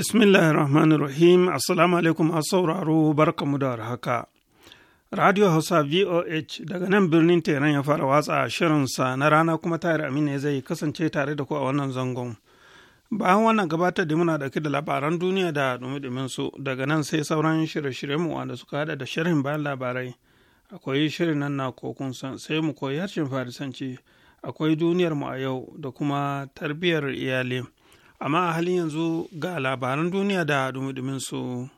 Bismillahir Rahmanir Rahim, Assalamu alaikum a sauraro barkamu da haka. Radio Hausa VOH daga nan birnin Teran ya fara watsa shirinsa na rana kuma tayar amina zai kasance tare da ku a wannan zangon. Bayan wannan gabatar da muna dauke da labaran duniya da dumi su daga nan sai sauran shirye-shiryenmu wanda suka hada da sharhin bayan labarai. Akwai shirin nan na kokun sai mu koyi harshen Farisanci, akwai duniyar mu a yau da kuma tarbiyyar iyali. amma a halin yanzu ga labaran duniya da dumi su.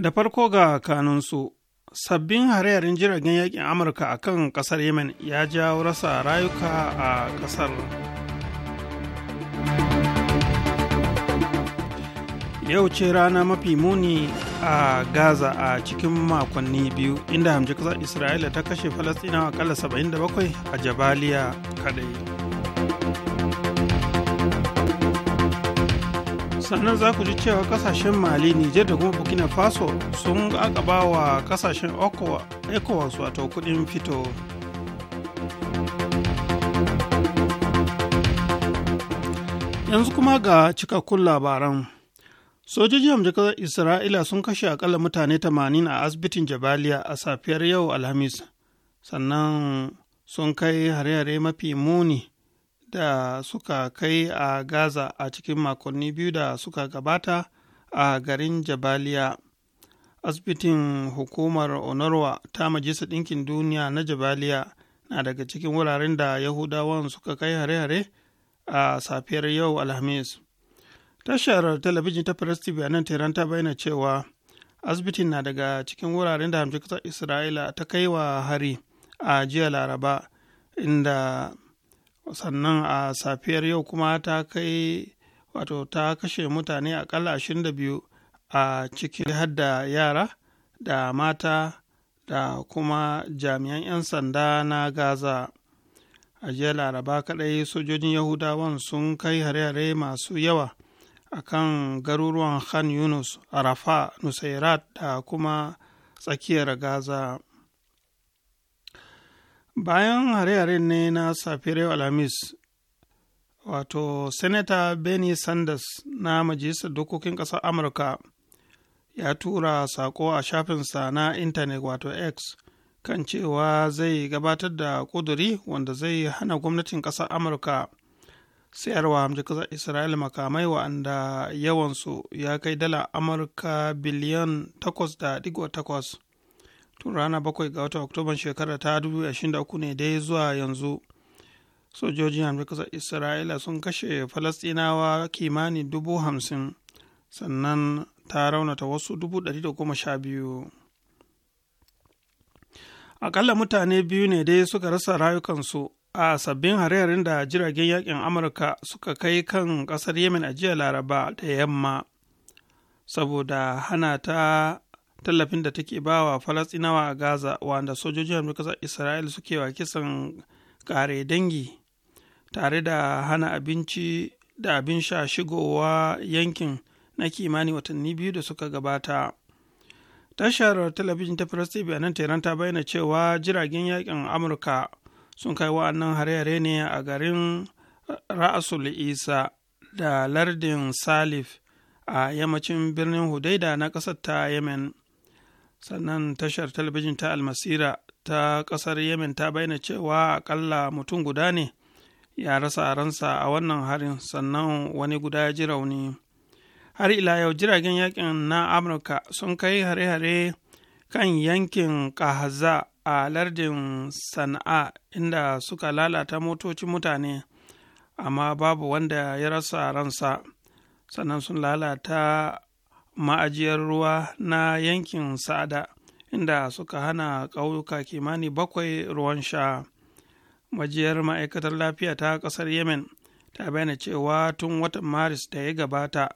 da farko ga kanunsu sabbin hare jiragen yakin amurka a kan kasar yemen ya jawo rasa rayuka a kasar yau ce rana mafi muni a gaza a cikin makonni biyu inda hamji kasar isra'ila ta kashe falastinawa kala 77 a jabaliya kadai sannan za ku ji cewa kasashen mali nijar da kuma burkina faso sun akaba wa kasashen ecowas wato kudin fito yanzu kuma ga cikakkun labaran Sojojin hamjakar Isra'ila sun kashe akalla mutane 80 a asibitin Jabaliya a safiyar yau Alhamis, sannan sun kai hare-hare mafi muni da suka kai a Gaza a cikin makonni biyu da suka gabata a garin Jabaliya. Asibitin hukumar Onorwa ta Majalisar Ɗinkin Duniya na Jabaliya na daga cikin wuraren da Yahudawan suka kai hare-hare a safiyar yau Alhamis. tashar talabijin ta press tv a nan tehran ta bayyana cewa asibitin na daga cikin wuraren da hamshin kasar isra'ila ta kai wa hari a jiya laraba inda sannan a safiyar yau kuma ta kai wato ta kashe mutane akalla 22 a cikin hadda yara da mata da kuma jami'an 'yan sanda na gaza a jiya laraba kadai sojojin yahudawan sun kai hare-hare masu yawa a kan garuruwan Khan Yunus, Arafa, Nusairat da kuma tsakiyar Gaza. Bayan hare-haren ne na safiyar Alhamis, wato Senator Benny Sanders na Majalisar Dokokin Ƙasar Amurka ya tura saƙo a shafinsa na intanet wato X kan cewa zai gabatar da ƙuduri wanda zai hana gwamnatin ƙasar Amurka. sayarwa hamji kasar isra'ila makamai wa'anda yawansu ya kai dala amurka biliyan 8.8 tun rana 7 ga watan oktoban shekara ta 2023 ne dai zuwa yanzu sojojin hamji kasar isra'ila sun kashe falastinawa kimanin dubu hamsin sannan ta raunata wasu dubu da sha biyu akalla mutane biyu ne dai suka rasa rayukansu a sabbin hare-haren da jiragen yakin amurka suka kai kan kasar yemen a jiya laraba da yamma saboda hana ta tallafin da take ba wa falastinawa a gaza wanda sojojin amurka isra'il suke wa kisan kare dangi tare da hana abinci da abin sha shigowa yankin na kimanin watanni biyu da suka gabata tashar talabijin ta press tv a nan ta bayyana cewa jiragen yakin amurka sun kai wa'annan hare-hare ne a garin ra'asul isa da lardin salif a yammacin birnin hudaida na ƙasar ta yemen sannan tashar talabijin ta almasira ta ƙasar yemen ta bayyana cewa akalla mutum guda ne ya rasa ransa a wannan harin sannan wani guda ya ji rauni har ila yau jiragen yakin na amurka sun kai hare-hare kan yankin kahaza a lardin sana'a inda suka lalata motocin mutane amma babu wanda ya rasa ransa sannan sun lalata ma'ajiyar ruwa na yankin sa'ada inda suka hana ƙauyuka kimani bakwai ruwan sha majiyar ma'aikatar lafiya ta ƙasar yemen ta bayyana cewa tun watan maris da ya gabata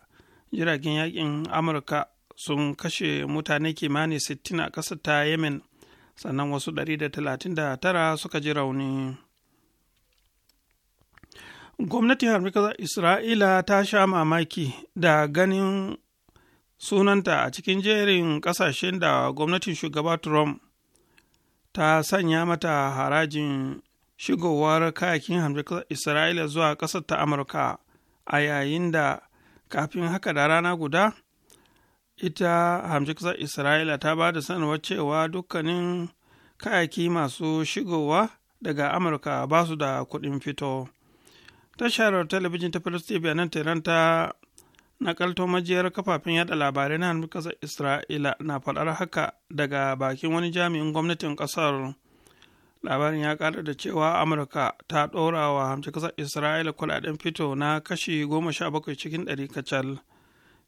jiragen yakin amurka sun kashe mutane kimani 60 a ƙasar ta yemen sannan wasu 139 suka ji rauni gwamnatin harmikar isra'ila ta sha mamaki da ganin sunanta a cikin jerin kasashen da gwamnatin shugaba trump ta sanya mata harajin shigowar kayakin harmikar isra'ila zuwa ƙasar ta amurka a yayin da kafin haka da rana guda ita hamshi kasar isra'ila ta ba da sanarwar cewa dukkanin kayaki masu shigowa daga amurka ba su da kuɗin fito tashar talabijin ta filistibiya nan tiran ta nakalto majiyar kafafen yada labarai na hannun isra'ila na faɗar haka daga bakin wani jami'in gwamnatin ƙasar labarin ya ƙara da cewa amurka ta ɗora wa hamshi kasar isra'ila kuɗaɗen fito na kashi goma sha bakwai cikin ɗari kacal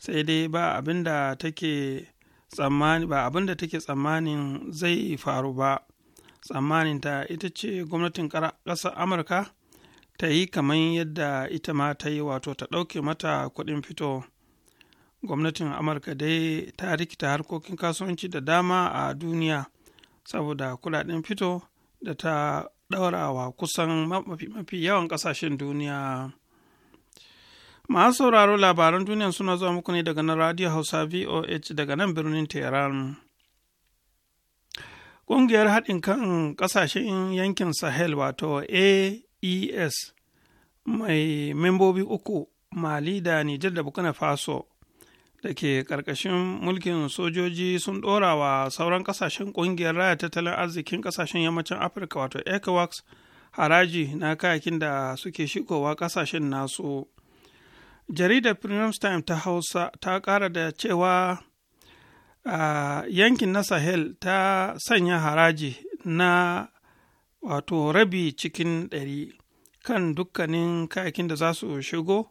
sai dai ba abin da take tsammani ba abin da take tsammanin zai faru ba tsammanin ta ita ce gwamnatin ƙasar amurka ta yi kamar yadda ita ma ta yi wato ta ɗauke mata kuɗin fito gwamnatin amurka dai ta rikita harkokin kasuwanci da dama a duniya saboda kuɗaɗen fito da ta ɗaurawa kusan mafi yawan ƙasashen duniya. masu sauraro labaran duniya suna zuwa muku ne daga nan radio hausa voh daga nan birnin tehran ƙungiyar haɗin kan ƙasashen yankin sahel wato aes mai membobi uku mali da nijar da bukuna faso da ke ƙarƙashin mulkin sojoji sun ɗora wa sauran ƙasashen ƙungiyar raya tattalin arzikin ƙasashen yammacin afirka wato ecowas haraji na kayakin da suke shigowa ƙasashen nasu jaridar premium time ta hausa ta kara da cewa a yankin na sahel ta sanya haraji na wato rabi cikin ɗari kan dukkanin kayakin da za su shigo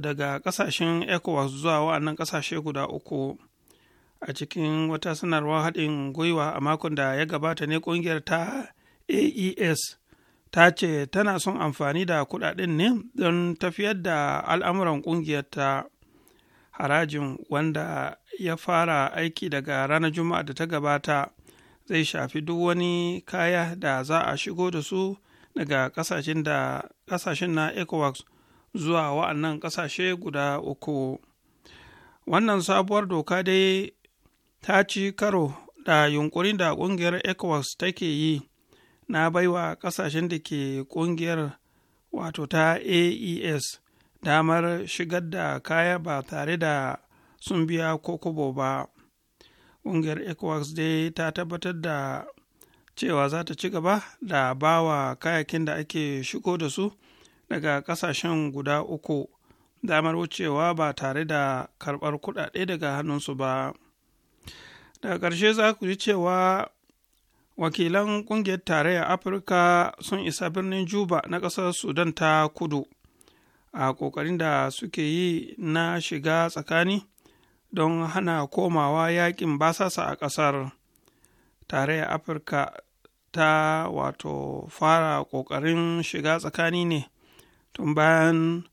daga ƙasashen ecowas zuwa wa'annan ƙasashe guda uku a cikin wata sanarwar haɗin gwiwa a makon da ya gabata ne ƙungiyar ta aes ta ce tana son amfani da kudaden ne don tafiyar da al'amuran ƙungiyarta harajin wanda ya fara aiki daga ranar juma'a da ta gabata zai shafi duk wani kaya da za a shigo da su daga ƙasashen na ecowas zuwa wa'annan ƙasashe guda uku wannan sabuwar doka dai ta ci karo da yunkurin da ƙungiyar ecowas take yi na baiwa kasashen da ke kungiyar wato ta aes damar shigar da kaya ba tare da sun biya kokobo ba ƙungiyar ecowas dai ta tabbatar da cewa za ta ci gaba da bawa kayakin da ake shigo da su daga ƙasashen guda uku damar wucewa ba tare da karɓar kuɗaɗe daga hannunsu ba daga ƙarshe za ku ji cewa wakilan ƙungiyar tarayyar afirka sun isa birnin juba na ƙasar sudan ta kudu a ƙoƙarin da suke yi na shiga tsakani don hana komawa yakin basasa a ƙasar tarayyar afirka ta wato fara ƙoƙarin shiga tsakani ne tun bayan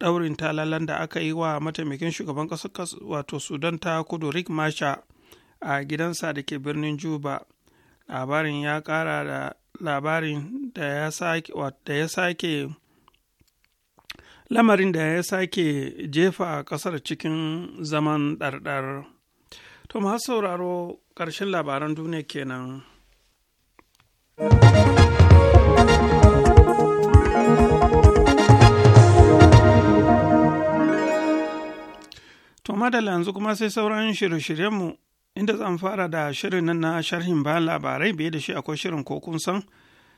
ɗaurin talalan da aka yi wa mataimakin shugaban ƙasar wato sudan ta kudu rick masha a gidansa da ke birnin juba labarin ya ƙara da labarin da ya sake da ya sake lamarin da ya sake jefa ƙasar cikin zaman ɗarɗar to masu sauraro ƙarshen labaran duniya kenan. To madalla yanzu kuma sai sauran shirye-shiryenmu inda zan fara da shirin nan na sharhin bayan labarai biye da shi akwai shirin ko kun san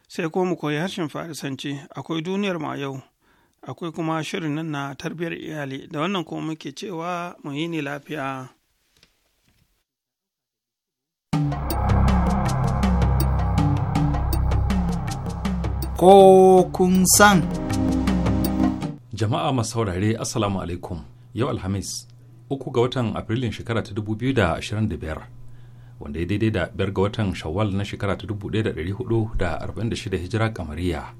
sai ko mu koyi harshen farisanci akwai duniyar ma yau akwai kuma shirin nan na tarbiyyar iyali da wannan kuma muke cewa mu yi ni lafiya ko kun san jama'a masaurare saurare assalamu alaikum yau alhamis uku ga watan afrilun shekara ta 2025 wanda ya daidai da biyar ga watan shawwal na shekara ta 1446 hijira kamariya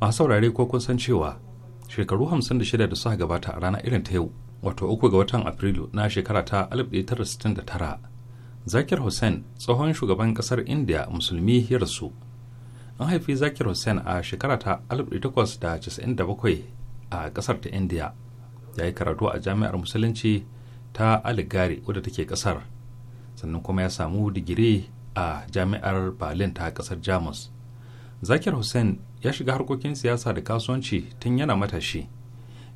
masu saurare ko kun san cewa shekaru 56 da suka gabata a rana irin ta yau wato uku ga watan afrilu na shekara ta 1969 zakir hussein tsohon shugaban kasar india musulmi ya rasu an haifi zakir hussein a shekara ta 1897 a kasar ta india ya yi karatu a jami'ar musulunci ta aligari wadda take kasar sannan kuma ya samu digiri a jami'ar berlin ta kasar jamus zakir hussein ya shiga harkokin siyasa da kasuwanci tun yana matashi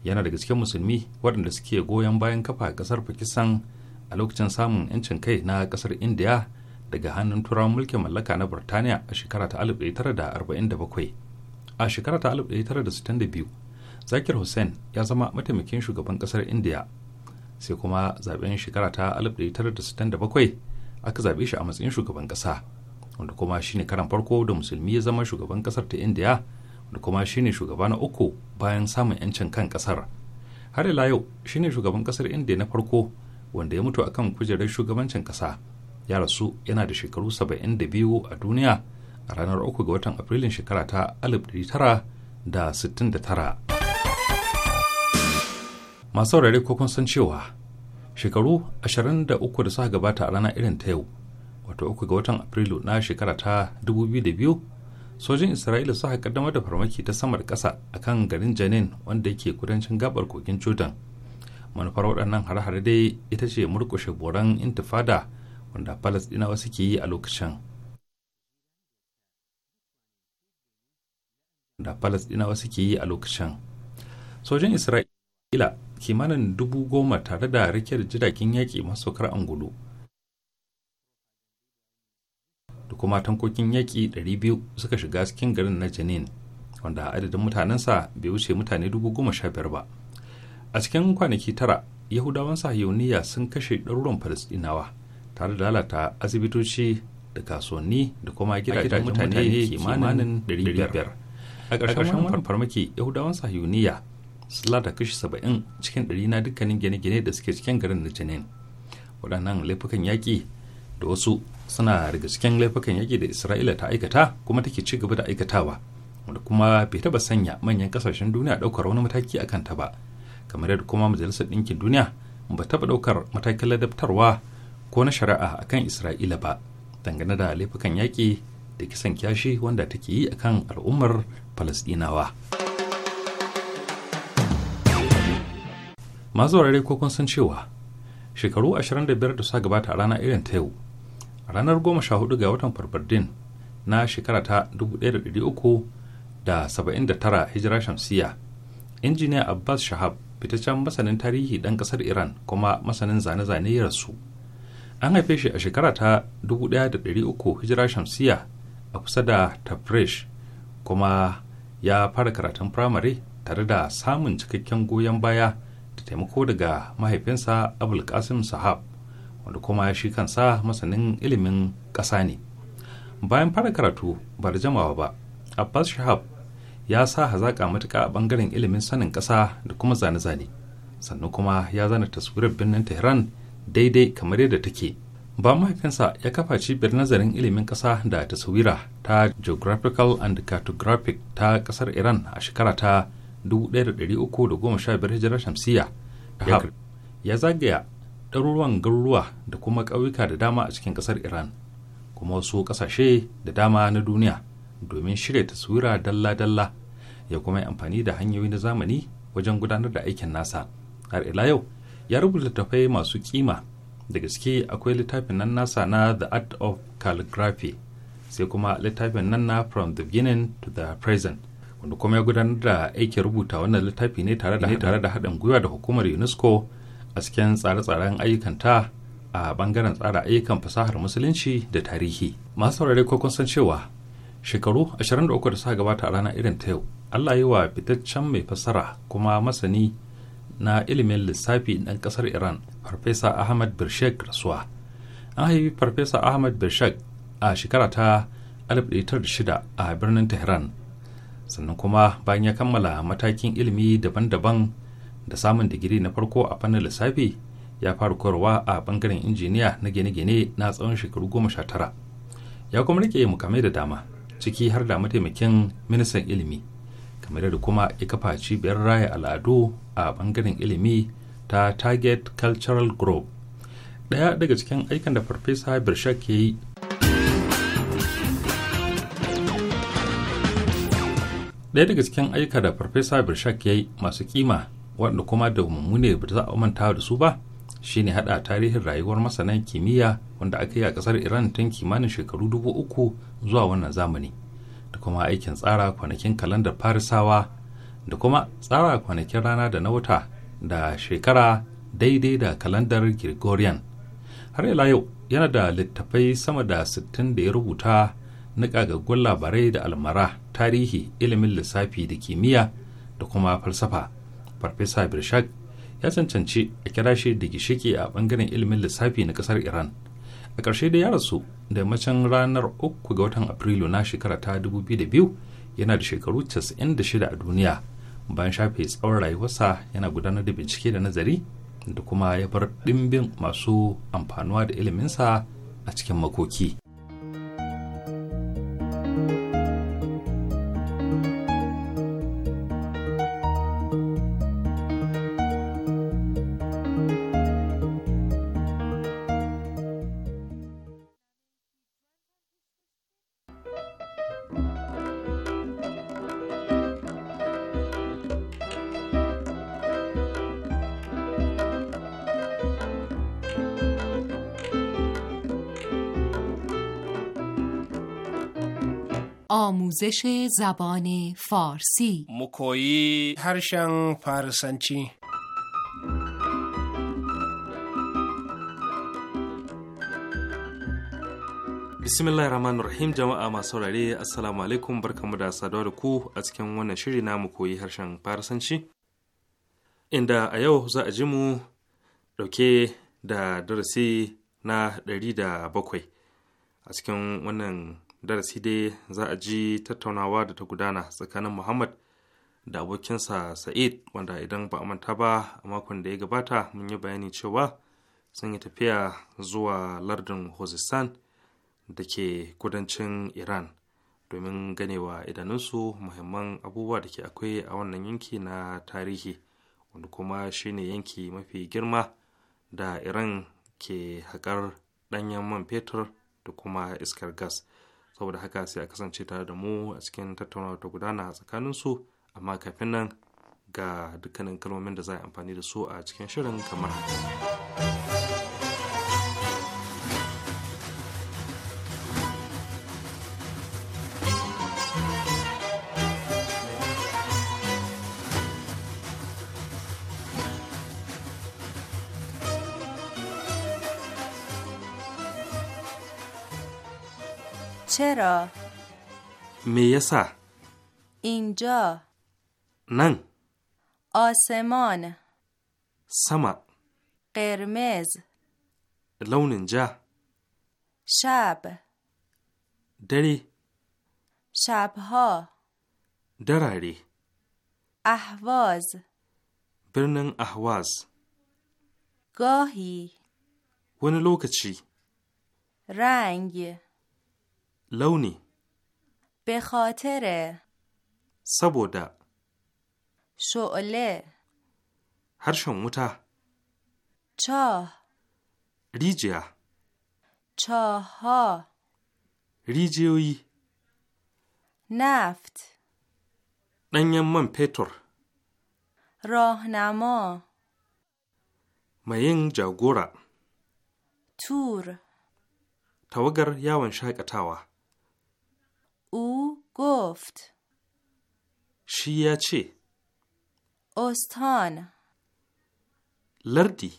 yana da gaske musulmi waɗanda suke goyon bayan kafa kasar pakistan a lokacin samun 'yancin kai na kasar indiya daga hannun turawan mulkin mallaka na Burtaniya a shekara ta 1947. A shekara ta 1962 zakir hussain ya zama mataimakin shugaban kasar indiya sai kuma zaben shekara ta 1967 aka zabe shi a matsayin shugaban kasa wanda kuma shine karan farko da musulmi ya zama shugaban kasar ta indiya wanda kuma shine shugaba na uku bayan samun yancin kan kasar har ila yau shine shugaban kasar indiya na farko wanda ya mutu akan kujerar shugabancin kasa ya rasu yana da shekaru 72 a duniya a ranar 3 ga watan afrilun shekara ta 1969 masu saurari ko kun san cewa shekaru 23 da suka gabata a rana irin ta yau wato uku ga watan afrilu na shekara ta 2002 sojin isra'ila suka kaddamar da farmaki ta samar kasa kan garin janin wanda yake kudancin gabar kogin jordan manufar waɗannan hare-hare dai ita ce murkushe boran intifada wanda falasɗinawa suke yi a da falasɗinawa suke yi a lokacin sojin isra'ila kimanin dubu goma tare da rikiyar jiragen yaƙi masaukar angulu da kuma tankokin yaƙi 200 suka shiga cikin garin na janin wanda adadin mutanensa bai wuce mutane dubu goma sha biyar ba a cikin kwanaki tara yahudawan sahiyoniya sun kashe ɗaruran falasɗinawa tare da lalata asibitoci da kasuwanni da kuma gidajen mutane kimanin 500 a ƙarshen wani farmaki yahudawan sahiyoniya sun lada kashi saba'in cikin ɗari na dukkanin gine-gine da suke cikin garin na janin waɗannan laifukan yaƙi da wasu suna daga cikin laifukan yaƙi da isra'ila ta aikata kuma take ci gaba da aikatawa wanda kuma bai taɓa sanya manyan ƙasashen duniya ɗaukar wani mataki a kanta ba kamar yadda kuma majalisar ɗinkin duniya ba taɓa ɗaukar matakin ladabtarwa ko na shari'a a kan isra'ila ba dangane da laifukan yaƙi da kisan kyashi wanda take yi a kan al'ummar falasɗinawa. masu wurare ko kun san cewa shekaru 25 da suka gabata a rana irin ta yau a ranar 14 ga watan farfardin na shekara ta 1379 hijira shamsiya injiniya abbas shahab fitaccen masanin tarihi ɗan ƙasar iran kuma masanin zane-zane ya rasu an haife shi a shekara ta 1300 hijira shamsiya a kusa da tafresh kuma ya fara karatun firamare tare da samun cikakken goyon baya taimako daga mahaifinsa abul kasim sahab wanda kuma shi kansa masanin ilimin ƙasa ne bayan fara karatu ba da jamawa ba abbas shahab ya sa hazaƙa matuƙa a ɓangaren ilimin sanin ƙasa da kuma zane-zane sannan kuma ya zana taswirar birnin tehran daidai kamar yadda take ba mahaifinsa ya kafa cibiyar nazarin ilimin ƙasa da taswira ta geographical and cartographic ta ƙasar iran a shekara ta 1315 hijirar shamsiyya ya zagaya ɗaruruwan garuruwa da kuma ƙauyuka da dama a cikin ƙasar iran kuma wasu ƙasashe da dama na duniya domin shirya taswira dalla-dalla ya kuma yi amfani da hanyoyi na zamani wajen gudanar da aikin nasa har ila yau ya rubuta littattafai masu kima da gaske akwai littafin nan nasa na the art of calligraphy sai kuma littafin nan na from the beginning to the present wanda kuma ya gudanar da aikin rubuta wannan littafi ne tare da haɗin gwiwa da hukumar unesco a cikin tsare-tsaren ayyukanta a bangaren tsara ayyukan fasahar musulunci da tarihi masu saurare ko kun san cewa shekaru 23 da suka gabata a ranar irin ta yau allah yi wa fitaccen mai fasara kuma masani na ilimin lissafi ɗan ƙasar iran farfesa ahmad birshek rasuwa an haifi farfesa ahmad birshek a shekara ta 1906 a birnin tehran sannan kuma bayan ya kammala matakin ilimi daban-daban da samun digiri na farko a fannin lissafi ya fara koyarwa a bangaren injiniya na gine-gine na tsawon shekaru goma sha tara ya kuma rike mukamai da dama ciki har da mataimakin ministan ilimi kamar da kuma ya kafa cibiyar raya al'adu a bangaren ilimi ta target cultural group ɗaya daga cikin aikin da farfesa birshak ke yi ɗaya daga cikin ayyuka da farfesa birshak ya yi masu kima wanda kuma da mummune ba za a manta da su ba shine hada tarihin rayuwar masanan kimiyya wanda aka yi a kasar iran tun kimanin shekaru dubu uku zuwa wannan zamani da kuma aikin tsara kwanakin kalandar farisawa da kuma tsara kwanakin rana da na wata da shekara daidai da kalandar gregorian har ila yau yana da littafai sama da sittin da ya rubuta ga ƙagaggun labarai da almara tarihi ilimin lissafi da kimiyya da kuma falsafa farfesa birshak ya cancanci a kira shi da gishiki a bangaren ilimin lissafi na ƙasar iran a ƙarshe da ya rasu da macen ranar 3 ga watan afrilu na shekara ta 2002 yana da shekaru 96 a duniya bayan shafe tsawon rayuwarsa yana gudanar da bincike da nazari da kuma ya bar ɗimbin masu amfanuwa da iliminsa a cikin makoki. you آموزش زبان فارسی مکویی هرشن فارسنچی bismillah rahman rahim jama'a masu saurare assalamu alaikum barkamu da saduwa ku a cikin wannan shiri na mu koyi harshen farasanci inda a yau za a ji mu dauke da darasi na ɗari da bakwai a cikin wannan darasi dai za a ji tattaunawa da ta gudana tsakanin muhammad da abokinsa sa'id wanda idan ba a manta ba a makon da ya gabata mun yi bayani cewa sun yi tafiya zuwa lardin hosistan da ke kudancin iran domin ganewa idanunsu muhimman abubuwa da ke akwai a wannan yanki na tarihi wanda kuma shine yanki mafi girma da iran ke haƙar ɗanyen man fetur da kuma iskar gas saboda haka sai a kasance tare da mu a cikin tattaunawa ta gudana tsakanin su amma kafin nan ga dukkanin kalmomin da za a yi amfani da su a cikin shirin kamar haka. چرا؟ میسا اینجا نن آسمان سما قرمز لون اینجا؟ شب دری شبها دراری احواز برنن احواز گاهی ونلوکچی رنگ launi به خاطر saboda shole harshen wuta chah rijiya chaha rijiyoyi naft ɗanyen man fetur rahnama mayin jagora tur tawagar yawon shakatawa او گفت شیاچی استان لردی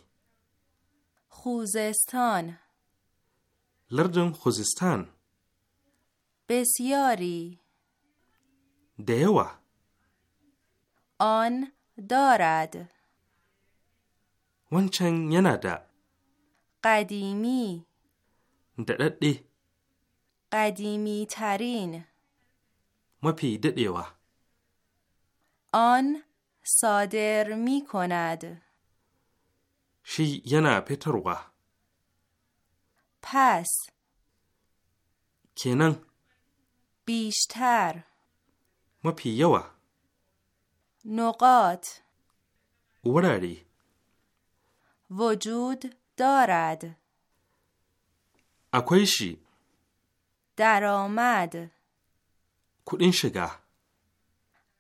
خوزستان لردم خوزستان بسیاری دیوه آن دارد ونچنگ ینادا قدیمی دردی قدیمی ترین مپی آن صادر می کند شی ینا پیتروا پس کنن بیشتر مپی یوا نقاط وراری وجود دارد اکویشی درآمد کدین شگه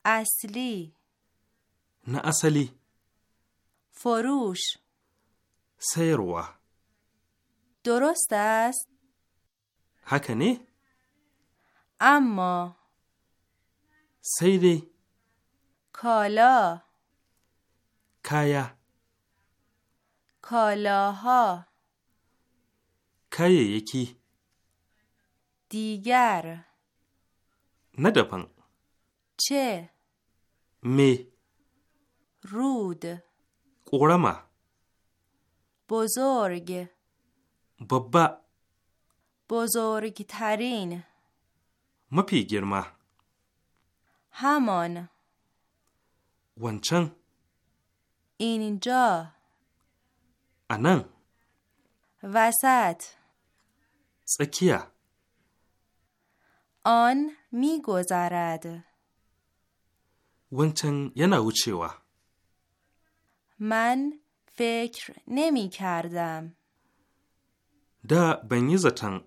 اصلی نه اصلی فروش سیروه درست است هکنی؟ اما سیدی کالا کایا کالاها کای یکی دیگر نه دبن چه می رود قرما بزرگ بابا بزرگترین مپی گرما همان ونچن اینجا انن وسط تسکیه آن میگذرد ونچن ینا وچیوا من فکر نمی کردم دا بنی زتن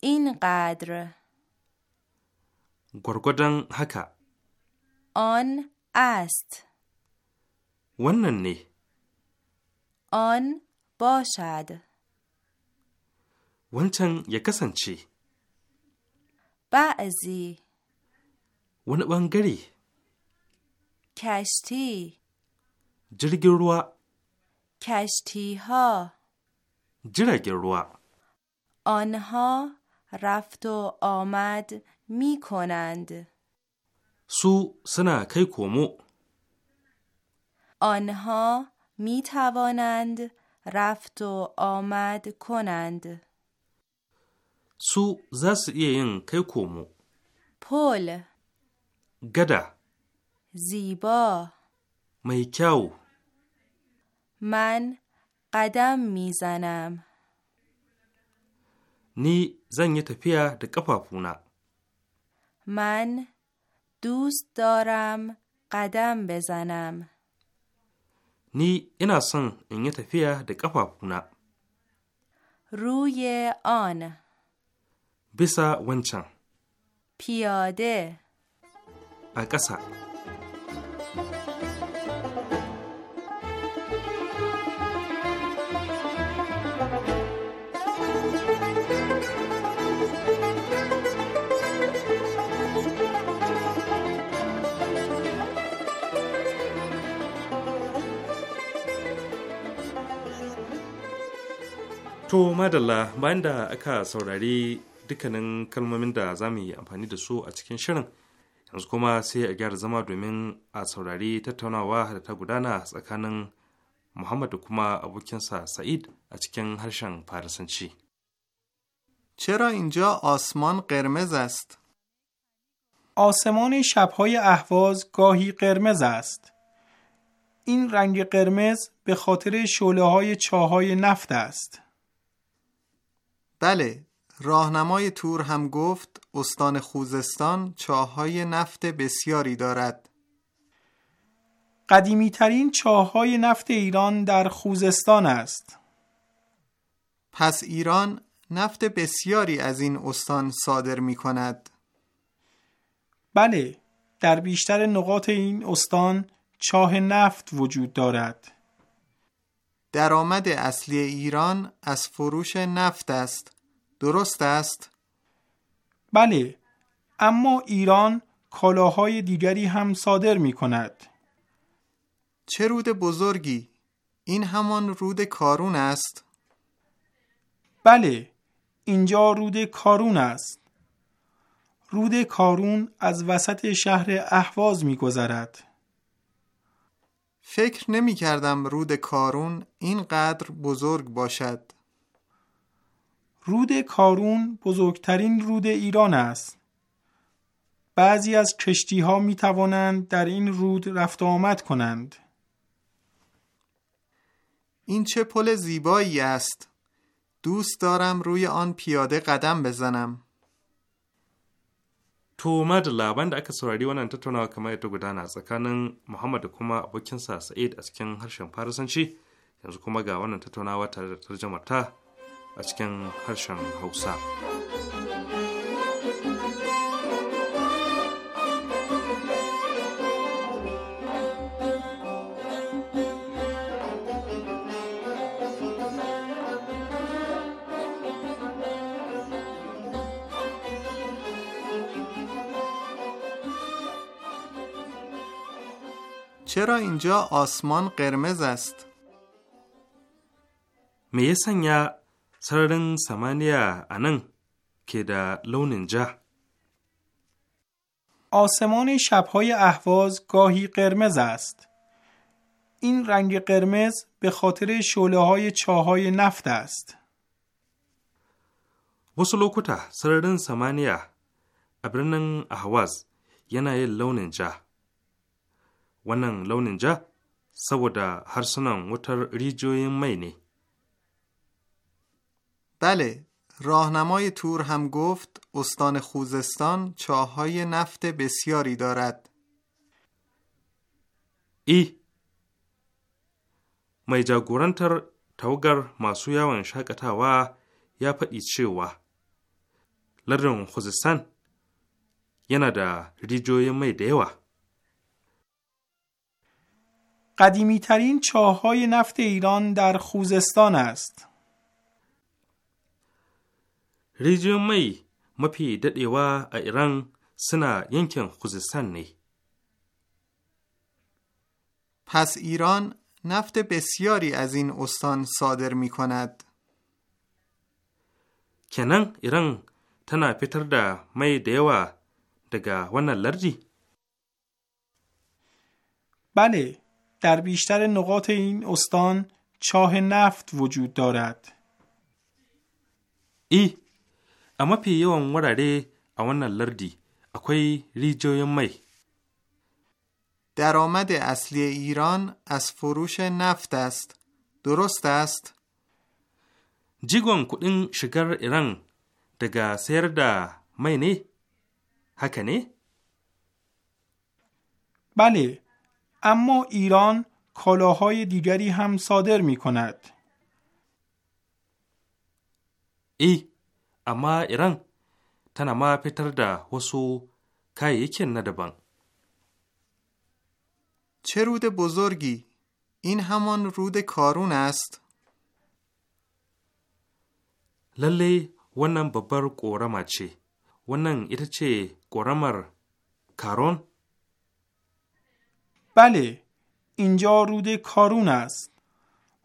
اینقدر گرگدن هکا آن است ونن نه آن باشد ونچن یکسن چی بعضی wani ɓangare کشتی jirgin کشتی ها آنها رفت و آمد می کنند سو سنا کی کومو آنها می توانند رفت و آمد کنند su za su iya yin kai komo. Pol. Gada. Ziba. Mai kyau. Man ƙadam mizanam. Ni zan yi tafiya da ƙafafuna. Man dus-doram ƙadam bezanam. Ni ina son in yi tafiya da ƙafafuna. Ruye ana. bisa wancan piyade a ƙasa To madalla bayan da aka saurari dukkanin kalmomin da za mu yi amfani da su a cikin shirin yanzu kuma sai a gyara zama domin a saurari tattaunawa da ta gudana tsakanin muhammad da kuma abokinsa sa'id a cikin harshen farisanci چرا اینجا آسمان قرمز است؟ آسمان شبهای ahvaz گاهی قرمز است. این رنگ قرمز به خاطر شعله های چاهای نفت است. بله، راهنمای تور هم گفت استان خوزستان چاهای نفت بسیاری دارد قدیمی ترین چاهای نفت ایران در خوزستان است پس ایران نفت بسیاری از این استان صادر می کند بله در بیشتر نقاط این استان چاه نفت وجود دارد درآمد اصلی ایران از فروش نفت است درست است؟ بله اما ایران کالاهای دیگری هم صادر می کند چه رود بزرگی؟ این همان رود کارون است؟ بله اینجا رود کارون است رود کارون از وسط شهر اهواز می گذرد. فکر نمی کردم رود کارون اینقدر بزرگ باشد. رود کارون بزرگترین رود ایران است. بعضی از کشتی ها می توانند در این رود رفت آمد کنند. این چه پل زیبایی است. دوست دارم روی آن پیاده قدم بزنم. تو مد لابن دا اکا سرادی وانا انتا تونا کما یتو از محمد کوما بکن سعید اید از کن هرشن پارسن چی. یا یعنی زکو مگا وانا انتا تونا اچکن چرا اینجا آسمان قرمز است می یا sararin samaniya a nan ke da launin ja. آسمان شبهای احواز گاهی قرمز است. این رنگ قرمز به خاطر شوله های چاه نفت است. وصلو کتا سردن سمانیا ابرنن احواز ینای لونن جا. ونن لونن جا سودا هرسنان وطر ریجوی مینی. بله راهنمای تور هم گفت استان خوزستان چاهای نفت بسیاری دارد ای مای جاگورانتر توگر ماسو یاون یا فدی و. لرن خوزستان یانا دا ریجوی د دیوا قدیمی ترین چاهای نفت ایران در خوزستان است. rijiyoyin mai mafi daɗewa a Iran suna yankin Khuzestan ne. پس ایران نفت بسیاری از این استان صادر می کند. کنن ایران تنا پیتر دا می دیوا دگا ون لرژی؟ بله، در بیشتر نقاط این استان چاه نفت وجود دارد. ای A mafi yawan wurare a wannan lardi akwai rijiyoyin mai. درآمد اصلی ایران از فروش نفت است. درست است؟ جیگون کدین شگر ایران دگا سیر دا مای نی؟ حکا بله، اما ایران کالاهای دیگری هم صادر می کند. ای، اما ایران پتر ده fitar da wasu kayayyakin na چه رود بزرگی؟ این همان رود کارون است؟ لله wannan ببر ƙorama چه؟ wannan ita ce ƙoramar کارون؟ بله، اینجا رود کارون است.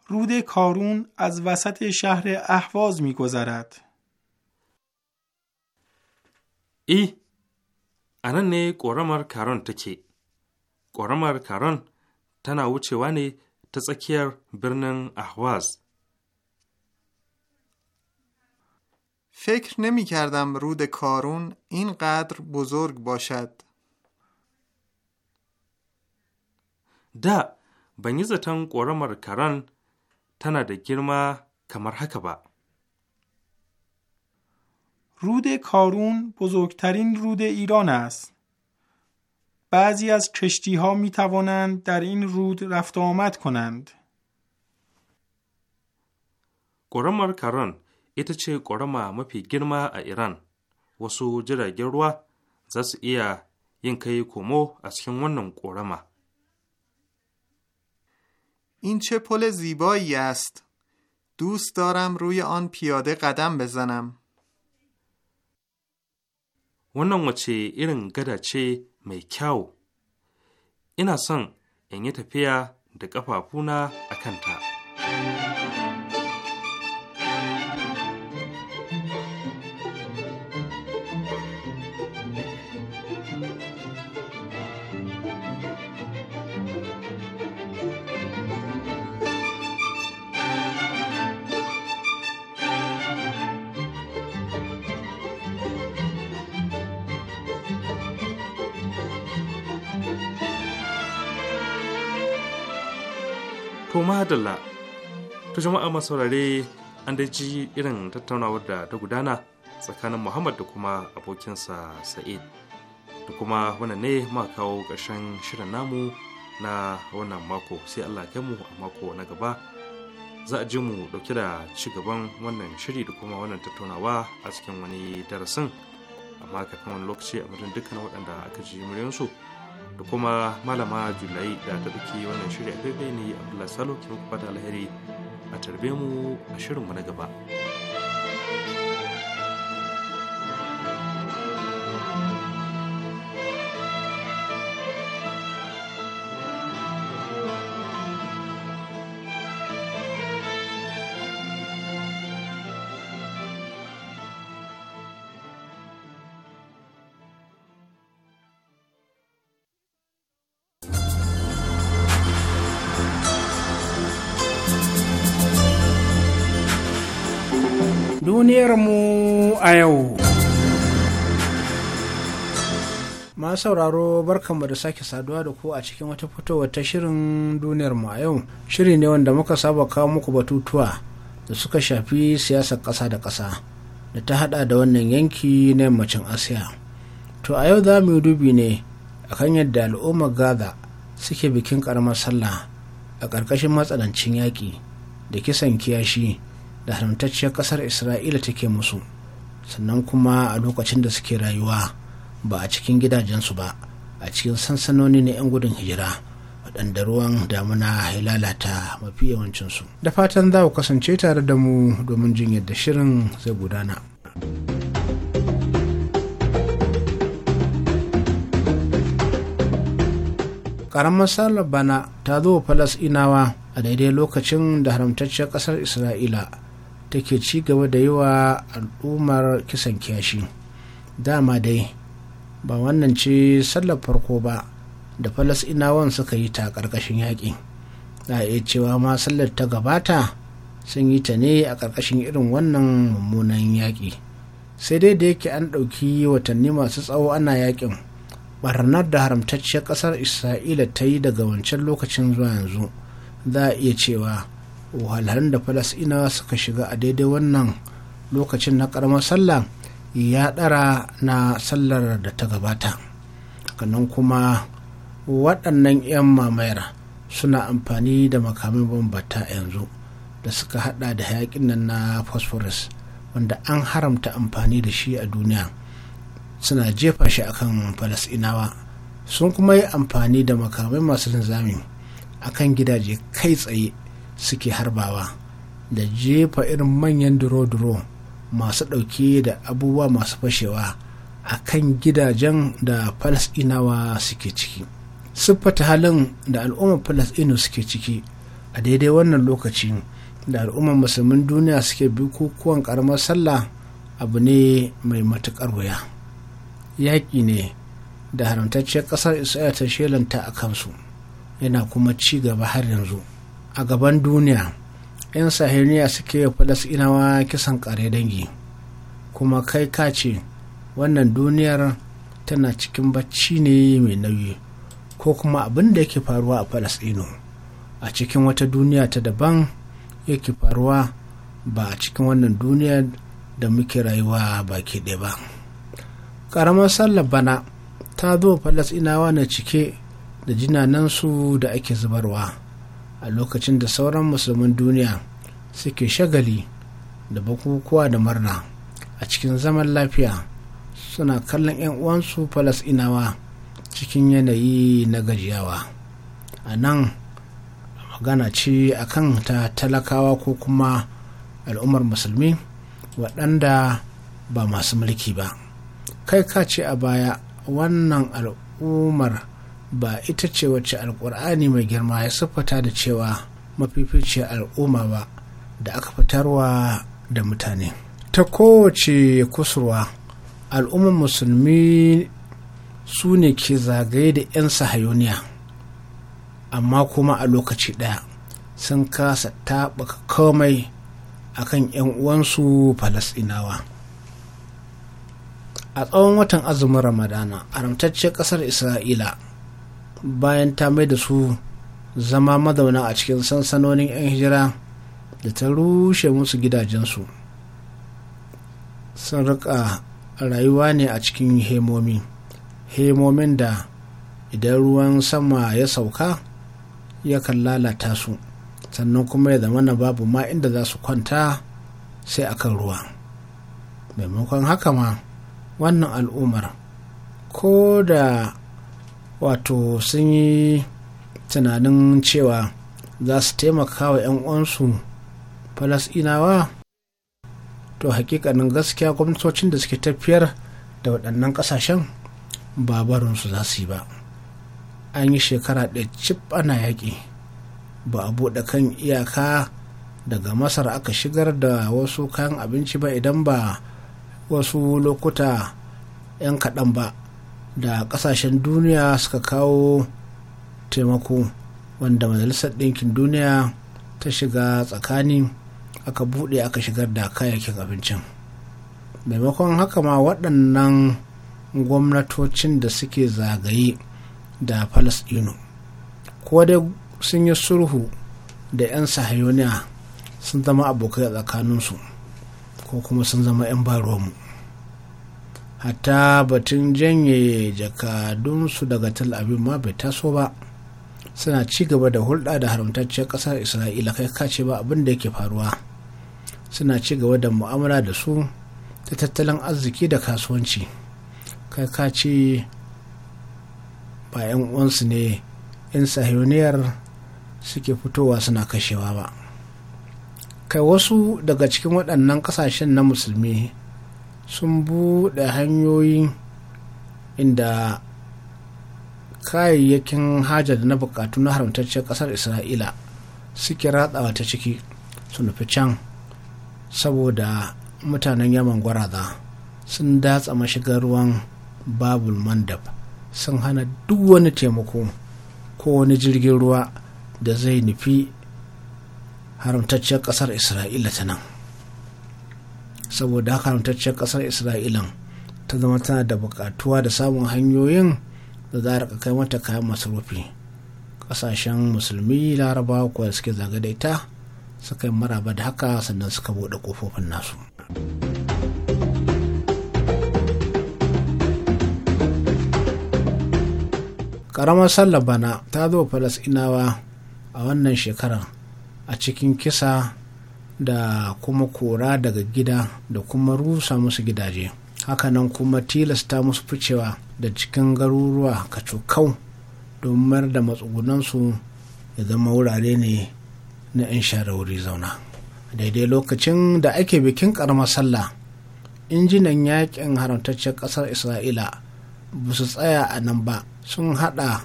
رود کارون از وسط شهر اهواز میگذرد. ای eh, anan ƙoramar karon take ƙoramar karon tana wucewa ne ta tsakiyar birnin ahwaz فکر نمی da رود کارون اینقدر بزرگ باشد. دا ban yi zaton ƙoramar karon tana da girma kamar haka ba. رود کارون بزرگترین رود ایران است. بعضی از کشتی ها می توانند در این رود رفت آمد کنند. قرمر کران ایتا چه ƙorama mafi girma ایران Iran, wasu jiragen ruwa za این چه پل زیبایی است. دوست دارم روی آن پیاده قدم بزنم. wannan wace irin gada ce mai kyau ina son in yi tafiya da ƙafafuna a kanta To madalla, to jama'a masu saurare an da ji irin tattaunawar da ta gudana tsakanin Muhammad da kuma abokinsa Sa'id. Da kuma wani ne ma kawo ƙarshen shirin namu na wannan mako sai Allah kai mu a mako na gaba za a ji mu dauke da ci gaban wannan shiri da kuma wannan tattaunawa a cikin wani darasin amma kafin wani lokaci a mutum dukkan waɗanda aka ji muryansu da kuma malama julai da ta ɗauki wannan shirya kai ne abdullahi salo ke muku fata alheri a tarbe mu a shirinmu na gaba. duniyarmu a yau. Ma sauraro barkanmu da sake saduwa da ku a cikin wata fitowar ta shirin duniyarmu a yau. Shiri ne wanda muka saba kawo muku batutuwa da suka shafi siyasar ƙasa da ƙasa da ta hada da wannan yanki na yammacin Asiya. To a yau za mu yi dubi ne akan yadda al'ummar Gaza suke bikin ƙaramar sallah a ƙarƙashin matsanancin yaƙi da kisan kiyashi. da haramtacciyar kasar isra'ila take musu sannan kuma a lokacin da suke rayuwa ba a cikin gidajensu ba a cikin sansanoni na 'yan gudun hijira waɗanda ruwan damuna ya lalata mafi yawancinsu da fatan za ku kasance tare da mu domin jin yadda shirin zai gudana. ƙaramar sallar bana ta zo inawa a daidai lokacin da haramtacciyar ƙasar isra'ila take ci gaba da yi wa al'ummar kisan kiyashi dama dai ba wannan ce sallar farko ba da falasinawan suka yi ta ƙarƙashin yaƙi a iya cewa ma sallar ta gabata sun yi ta ne a ƙarƙashin irin wannan mummunan yaƙi sai dai da yake an ɗauki watanni masu tsawo ana yaƙin barnar da haramtacciyar ƙasar isra'ila ta yi daga wancan lokacin zuwa yanzu za a iya cewa wahalhalun da falasina suka shiga a daidai wannan lokacin na karamar sallah ya ɗara na sallar da ta gabata hakanan kuma waɗannan 'yan mamayar suna amfani da makamin bambata yanzu da suka hada da hayakin nan na phosphorus wanda an haramta amfani da shi a duniya suna jefa shi akan falasinawa sun kuma yi amfani da makamai masu linzami akan gidaje kai tsaye suke harbawa da jefa irin manyan duro-duro masu ɗauke da abubuwa masu fashewa a kan gidajen da falasɗinawa suke ciki siffata halin da al'ummar falasɗinu suke ciki a daidai wannan lokaci da al'ummar musulmin duniya suke bukukuwan ƙaramar sallah abu ne mai matukar wuya yaƙi ne da haramtacciyar ƙasar isra'ila ta shelanta a kansu yana kuma ci gaba har yanzu a gaban duniya 'yan sahiriya suke inawa kisan kare dangi kuma kai ka ce wannan duniyar tana cikin bacci ne mai nauyi ko kuma abin da yake faruwa a falasɗinu. a cikin wata duniya ta daban yake faruwa ba a cikin wannan duniya da muke rayuwa baki ɗaya ba ƙaramar sallar bana ta zo falasɗinawa na cike da jinanansu da ake zubarwa a lokacin da sauran musulman duniya suke shagali da bukukuwa da murna a cikin zaman lafiya suna kallon 'yan uwansu falasinawa cikin yanayi na gajiyawa a nan magana ce akan ta talakawa ko kuma al'ummar musulmi waɗanda ba masu mulki ba kai ka ce a baya wannan al'ummar ba ita ce wacce alkur'ani mai girma ya siffata da cewa mafifici al'umma ba da aka fitarwa da mutane ta kowace kusurwa al'umman musulmi su ne ke zagaye da 'yan sahayoniya amma kuma a lokaci ɗaya sun kasa taɓa komai a kan 'yan uwansu falasɗinawa a tsawon watan azumin ramadana aramtaccen ƙasar isra'ila bayan ta mai da su zama mazauna a cikin sansanonin 'yan hijira da ta rushe musu gidajensu sun rika rayuwa ne a cikin hemomi hemomin da idan ruwan sama ya sauka yakan lalata su sannan kuma ya zama na babu ma inda za su kwanta sai akan ruwa maimakon haka ma wannan al'ummar ko da wato sun yi tunanin cewa za su taimaka wa 'yan uwansu falasinawa to hakikanin gaskiya gwamnatocin da suke tafiyar da waɗannan ƙasashen babarinsu za su yi ba an yi shekara ɗaya cip ana yaƙi ba a buɗe kan iyaka daga masar aka shigar da wasu kayan abinci ba idan ba wasu lokuta 'yan kaɗan ba da kasashen duniya suka kawo taimako wanda majalisar ɗinkin duniya ta shiga tsakani aka buɗe aka shigar da kayayyakin abincin maimakon haka ma waɗannan gwamnatocin da suke zagaye da falasɗinu ko dai sun yi sulhu da 'yan sahayoniya sun zama abokai a tsakaninsu ko kuma sun zama 'yan mu. hatta batun janye jakadunsu daga tel abin ma bai taso ba suna ci gaba da hulɗa da haramtacciyar ƙasar isra'ila kai kace ba abin da yake faruwa suna ci gaba da mu'amala da su ta tattalin arziki da kasuwanci kai kace ba 'yan uwansu ne 'yan sahiyoniyar suke fitowa suna kashewa ba kai wasu daga cikin waɗannan ƙasashen na musulmi sun buɗe hanyoyi inda kayayyakin haja da na buƙatu na haramtacciyar ƙasar isra'ila suke ratsawa ta ciki su nufi can saboda mutanen yaman gwaraza sun datsa mashigar ruwan babul mandab sun hana duk wani taimako ko wani jirgin ruwa da zai nufi haramtacciyar ƙasar isra'ila ta nan saboda haka haramtacciyar ƙasar isra'ilan ta zama tana da bukatuwa da samun hanyoyin da za a kai mata kayan masarufi ƙasashen musulmi larabawa kuwa suke zaga da ita suka yi maraba da haka sannan suka buɗe kofofin nasu. karamar sallar bana ta zo falasinawa a wannan shekarar a cikin kisa da kuma kora daga gida da kuma rusa musu gidaje hakanan kuma tilasta musu ficewa da cikin garuruwa kacokau don mayar da matsugunansu ya zama wurare ne na 'yan share wuri zauna daidai lokacin da ake bikin karamar sallah injinan yakin haramtaccen kasar isra'ila ba su tsaya a nan ba sun hada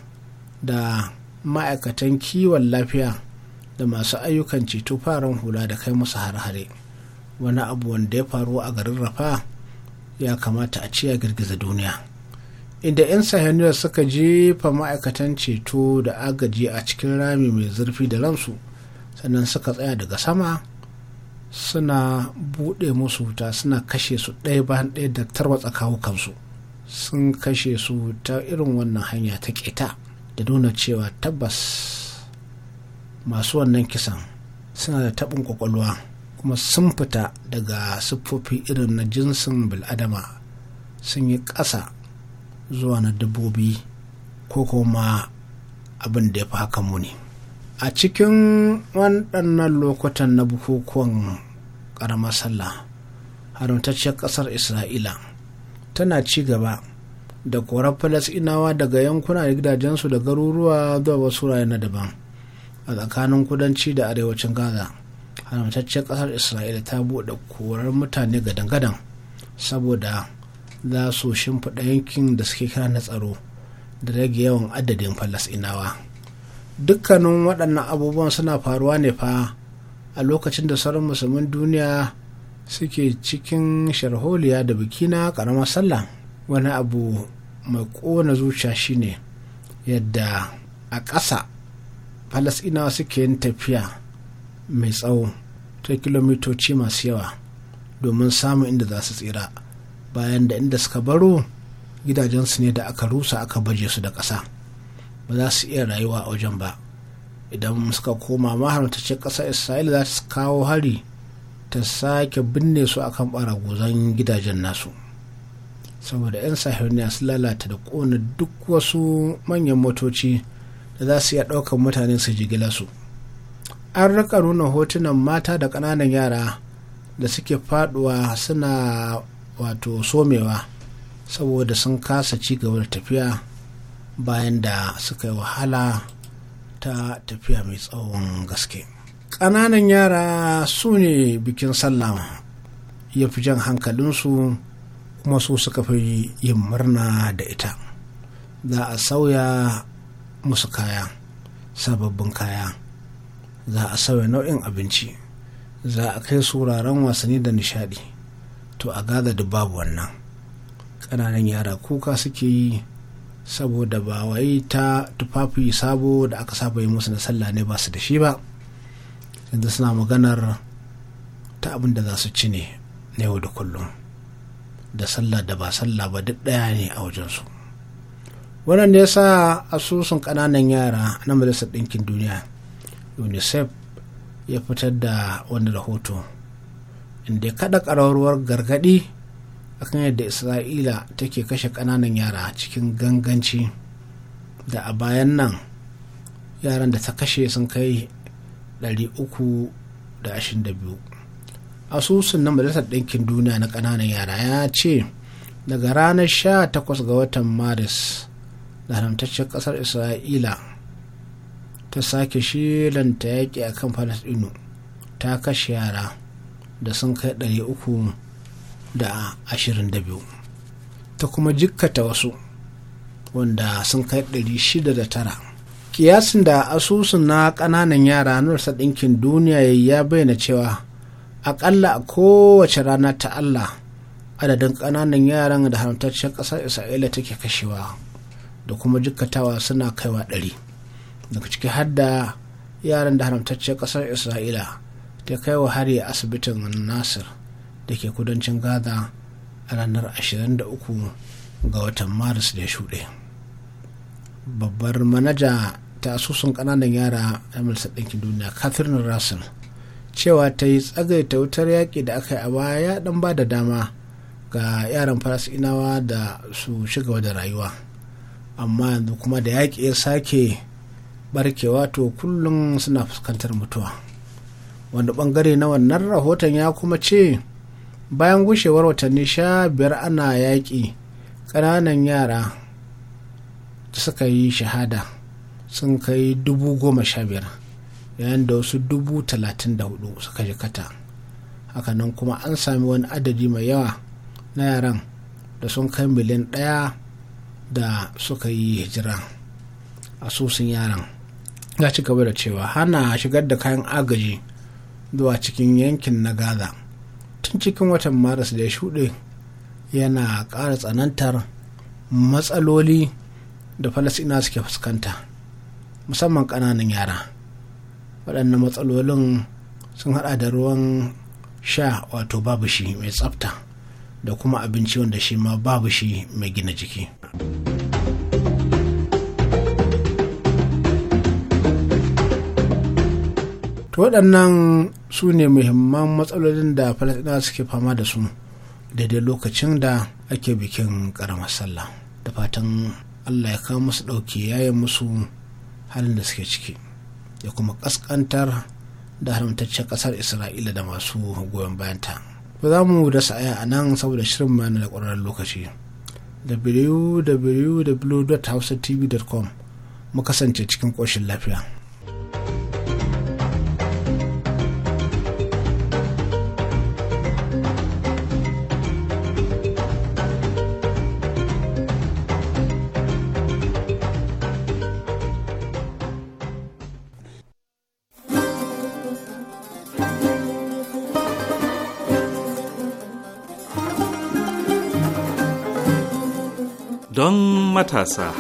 da ma'aikatan kiwon lafiya da masu ayyukan ceto faran hula da kai musu har-hare wani abu wanda ya faru a garin rafa ya kamata a ciya girgiza duniya inda 'yan sahaniyar suka jefa ma'aikatan ceto da agaji a cikin rami mai zurfi da ransu sannan suka tsaya daga sama suna buɗe musu wuta suna kashe su ɗaya bayan ɗaya da tarwatsa kawukansu sun kashe su ta irin wannan hanya ta keta da nuna cewa tabbas masu wannan kisan suna da taɓin ƙwaƙwalwa kuma sun fita daga siffofi irin na jinsin bil'adama sun yi ƙasa zuwa na dabbobi ko kuma abin da ya fi haka muni a cikin waɗannan lokutan na bukukuwan ƙaramar sallah haramtacciyar ƙasar isra'ila tana ci gaba da korar falasinawa daga yankuna da gidajensu da garuruwa zuwa wasu na daban a tsakanin kudanci da arewacin gaza haramtaccen kasar isra'ila ta buɗe korar mutane gadan-gadan saboda za su shimfiɗa yankin da suke kira na tsaro da rage yawan adadin falasinawa dukkanin waɗannan abubuwan suna faruwa ne fa a lokacin da sauran musulmin duniya suke cikin sharholiya da bikina na ƙaramar sallah wani abu mai ƙona zuciya shine yadda a ƙasa falasinawa suke yin tafiya mai tsawo ta kilomitoci masu yawa domin samun inda za su tsira bayan da inda suka baro gidajensu ne da aka rusa aka baje su da ƙasa ba za su iya rayuwa a wajen ba idan suka koma ce ƙasa isra'ila za su kawo hari ta sake binne su akan gozon gidajen nasu saboda 'yan sahiyoniya su lalata da ƙona duk wasu manyan motoci da za su iya ɗaukan mutane su jigila su an rika nuna hotunan mata da ƙananan yara da suke faduwa suna wato somewa saboda sun kasa ci gaba da tafiya bayan da suka yi wahala ta tafiya mai tsawon gaske ƙananan yara su ne bikin sallah ya fi jan hankalinsu kuma su suka fi yin murna da ita za a sauya musu kaya sababbin kaya za a sauya nau'in abinci za a kai su wuraren wasanni da nishadi to a gaza da babu wannan ƙananan yara kuka suke yi saboda ba wai ta tufafi sabo da aka saba yi musu na sallah ne ba su da shi ba yanzu suna maganar ta abin da za su ci ne na yau da kullum da sallah da ba sallah ba duk ɗaya ne a wajensu wannan ya sa asusun ƙananan yara na majalisar ɗinkin duniya unicef ya fitar da wani rahoto inda ya kaɗa ƙararruwar gargaɗi kan yadda isra'ila take kashe ƙananan yara cikin ganganci da a bayan nan yaran da ta kashe sun kai 322 asusun na majalisar ɗinkin duniya na ƙananan yara ya ce daga ranar 18 ga watan maris da kasar ƙasar isra'ila ta sake shilanta yaƙi a kan falasɗinu ta kashe yara da sun kai ɗari uku da ashirin da biyu ta kuma jikkata wasu wanda sun kai ɗari shida da tara kiyasin da asusun na ƙananan yara nursa ɗinkin duniya ya bayyana cewa aƙalla a kowace rana ta allah adadin ƙananan yaran da haramtacciyar ƙasar isra'ila take kashewa da kuma jikkatawa suna kaiwa ɗari daga ciki har da yaran da haramtacciyar ƙasar isra'ila ta kai wa hari asibitin nasir da ke kudancin gaza a ranar 23 ga watan maris da ya shuɗe babbar manaja ta asusun ƙananan yara a majalisar ɗinkin duniya catherine russell cewa ta yi tsagaita wutar yaƙi da aka yi a baya ya ɗan ba da dama ga yaran falasɗinawa da su shiga da rayuwa amma yanzu kuma da yaƙi ya sake barkewa to kullum suna fuskantar mutuwa wanda bangare na wannan rahoton ya kuma ce bayan gushewar watanni sha biyar ana yaƙi ƙananan yara da suka yi shahada sun kai dubu goma sha biyar yayin da wasu dubu talatin da hudu suka jikata hakanan kuma an sami wani adadi mai yawa na yaran da sun kai miliyan ɗaya da suka yi hijira a asusun yaran ya ci gaba da cewa hana shigar da kayan agaji zuwa cikin yankin na gaza tun cikin watan maris da ya shuɗe yana ƙara tsanantar matsaloli da falasina suke fuskanta musamman ƙananan yara waɗannan matsalolin sun haɗa da ruwan sha wato babu shi mai tsafta da kuma abinci wanda shi ma babu shi mai gina jiki to waɗannan su ne muhimman matsalolin da falasɗinawa suke fama da su daidai lokacin da ake bikin ƙaramar sallah da fatan allah ya kawo musu ɗauki yayin musu halin da suke ciki ya kuma ƙasƙantar da haramtaccen ƙasar isra'ila da masu goyon bayanta ba za mu da sa'aya a nan saboda shirin mana da ƙwararren lokaci www.hausatv.com mu kasance cikin ƙoshin lafiya. matasa.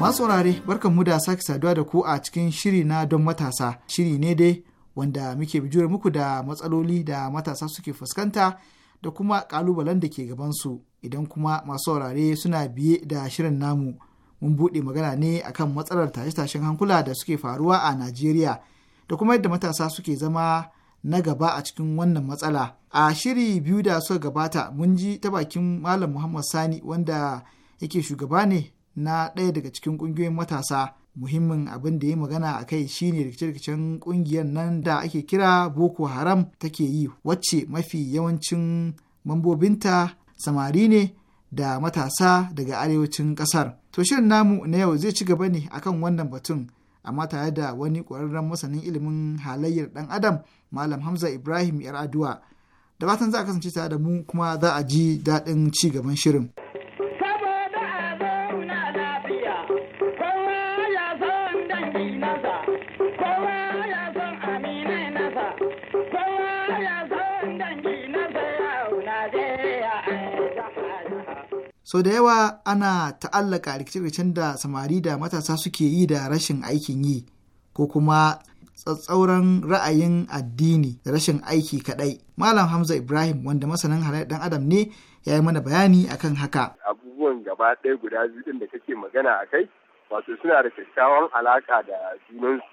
Masaurare barkan mu da sake saduwa da ku a cikin shiri na don matasa. Shiri ne dai wanda muke bijiyar muku da matsaloli da matasa suke fuskanta da kuma kalubalen da ke gabansu. Idan kuma masu wurare suna biye da shirin namu. Mun buɗe magana ne akan matsalar tashe-tashen hankula da suke faruwa a Najeriya da kuma yadda matasa suke zama na gaba a cikin wannan matsala. A shiri biyu da suka gabata mun ji ta bakin Malam Muhammad Sani wanda yake shugaba ne na ɗaya daga cikin ƙungiyoyin matasa. Muhimmin abin da ya magana a kai shine rikice-rikicen ƙungiyar nan da ake kira Boko Haram take yi wacce mafi yawancin mambobinta samari ne da matasa daga arewacin ƙasar. To shirin namu na yau zai ci gaba ne akan wannan batun amma tare da wani ƙwararren masanin ilimin halayyar ɗan adam malam hamza ibrahim yar aduwa da fatan za a kasance tare da mu kuma za a ji daɗin ci gaban shirin sau so da yawa ana ta'allaka rikice-rikicen da samari da matasa suke yi da rashin aikin yi ko kuma tsatsauran ra'ayin addini da rashin aiki kadai Malam Hamza Ibrahim wanda masanin halayyar dan Adam ne ya yi mana bayani akan haka. Abubuwan gaba ɗaya guda biyu da kake magana a kai wato suna da kyakkyawan alaka da junansu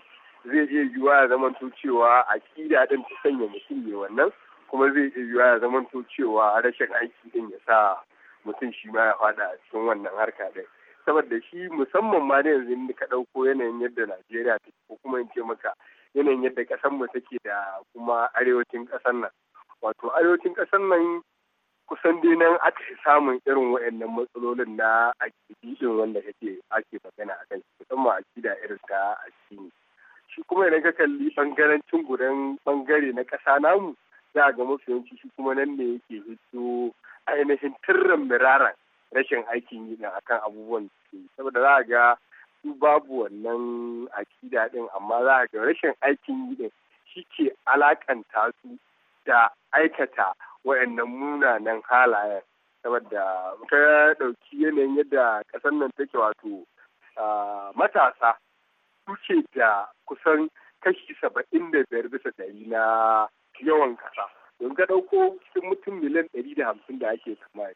zai iya yiwuwa ya to cewa kida ɗin ta sanya mutum ne wannan kuma zai iya yiwuwa ya to cewa rashin aiki ɗin ya sa mutum shi ma ya fada a cikin wannan harka ɗin. saboda shi musamman ma da yanzu ka ɗauko yanayin yadda Najeriya ta ko kuma in ce maka yanayin yadda ƙasar mu take da kuma arewacin ƙasar nan wato arewacin ƙasar nan kusan dai nan aka samun irin waɗannan matsalolin na akidin wanda kake ake magana a kan musamman akida irin ta addini shi kuma idan ka kalli bangarancin gudan bangare na ƙasa namu za ga mafi yanci shi kuma nan ne yake hito ainihin tirran miraran rashin aikin yi akan abubuwan da saboda za a ga su babu wannan akida din amma za a ga rashin aikin yi din shi ke alakanta su da aikata waɗannan munanan halayen saboda ka ɗauki yanayin yadda ƙasar nan take wato matasa su ce da kusan kashi saba'in da biyar bisa ɗari na yawan ƙasa don ka ɗauko cikin mutum miliyan ɗari da hamsin da ake kamar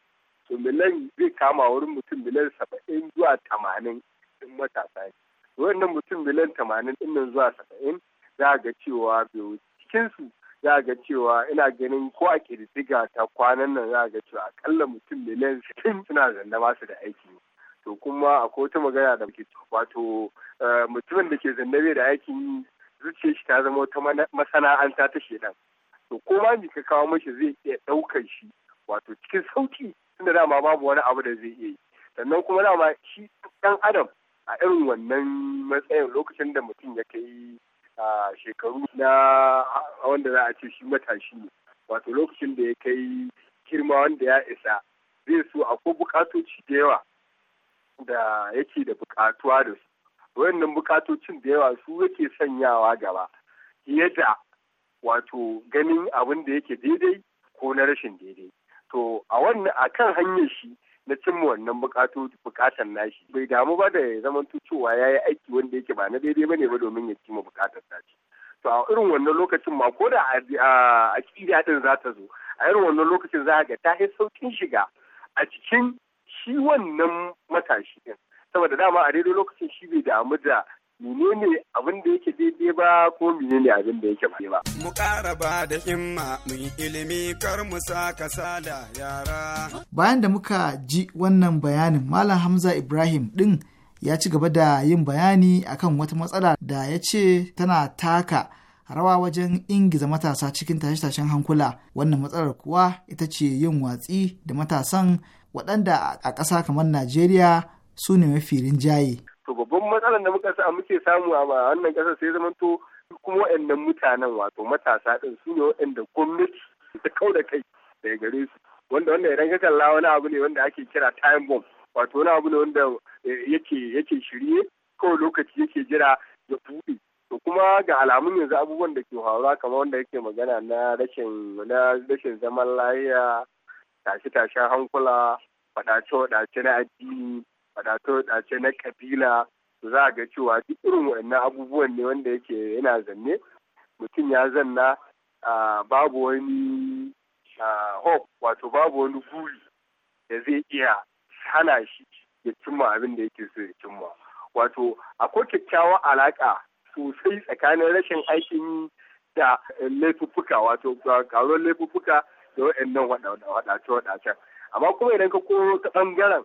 to miliyan zai kama wurin mutum miliyan saba'in zuwa tamanin ɗin matasa ne wannan mutum miliyan tamanin ɗin nan zuwa saba'in za ga cewa bai cikinsu za ga cewa ina ganin ko a ƙididdiga ta kwanan nan za ga cewa akalla mutum miliyan sittin suna zanna ba su da aiki to kuma akwai wata magana da muke wato eh, mutumin da ke zanna bai da aikin zuciyar shi ta zama wata masana'anta ta shi nan to ko ma ka kawo mashi zai iya ɗaukar shi wato cikin sauki tunda dama babu wani abu da zai iya yi sannan kuma dama shi ɗan adam a irin wannan matsayin lokacin da mutum ya kai shekaru na wanda za a ce shi matashi ne wato lokacin da ya kai girma wanda ya isa zai so akwai bukatoci da yawa da yake da bukatuwa da su wayannan bukatocin da yawa su yake sanyawa gaba fiye da wato ganin abin da yake daidai ko na rashin daidai to a wannan a kan hanyar shi na cimma wannan bukatu bukatan nashi bai damu ba da ya zaman cewa ya yi aiki wanda yake ba na daidai ba ba domin ya cimma bukatar nashi. to a irin wannan lokacin ma ko da a kiriya din za ta zo a irin wannan lokacin za a ga ta yi saukin shiga a cikin shi wannan matashi din saboda dama a daidai lokacin shi bai damu da menene abin da yake daidai ba ko menene abin da yake ba. Mu ƙara ba da himma mu yi ilimi kar mu sa kasala yara. Bayan da muka ji wannan bayanin Malam Hamza Ibrahim ɗin ya ci gaba da yin bayani akan wata matsala da ya ce tana taka rawa wajen ingiza matasa cikin tashe-tashen hankula wannan matsalar kuwa ita ce yin watsi da matasan waɗanda a ƙasa kamar najeriya su ne mafi rinjaye. to babban matsalar da muka sa muke samu a wannan kasar sai zama to kuma waɗannan mutanen wato matasa ɗin su ne waɗanda gwamnati ta kau da kai daga gare su wanda wanda idan ka kalla wani abu ne wanda ake kira time bomb wato wani abu ne wanda eh, yake yake shirye kawai lokaci yake jira ya buɗe to kuma ga alamun yanzu abubuwan da ke faruwa kamar wanda yake magana na rashin na rashin zaman lafiya tashe-tashen hankula faɗace-faɗace na addini fadace-fadace na kabila za a ga cewa duk irin wannan abubuwan ne wanda yake yana zanne mutum ya zanna babu wani hope wato babu wani buri da zai iya hana shi ya cimma abin da yake so ya cimma wato akwai kyakkyawar alaƙa sosai tsakanin rashin aikin da laifuffuka wato karuwar laifuffuka da waɗannan waɗace-waɗacen amma kuma idan ka koro ta ɓangaren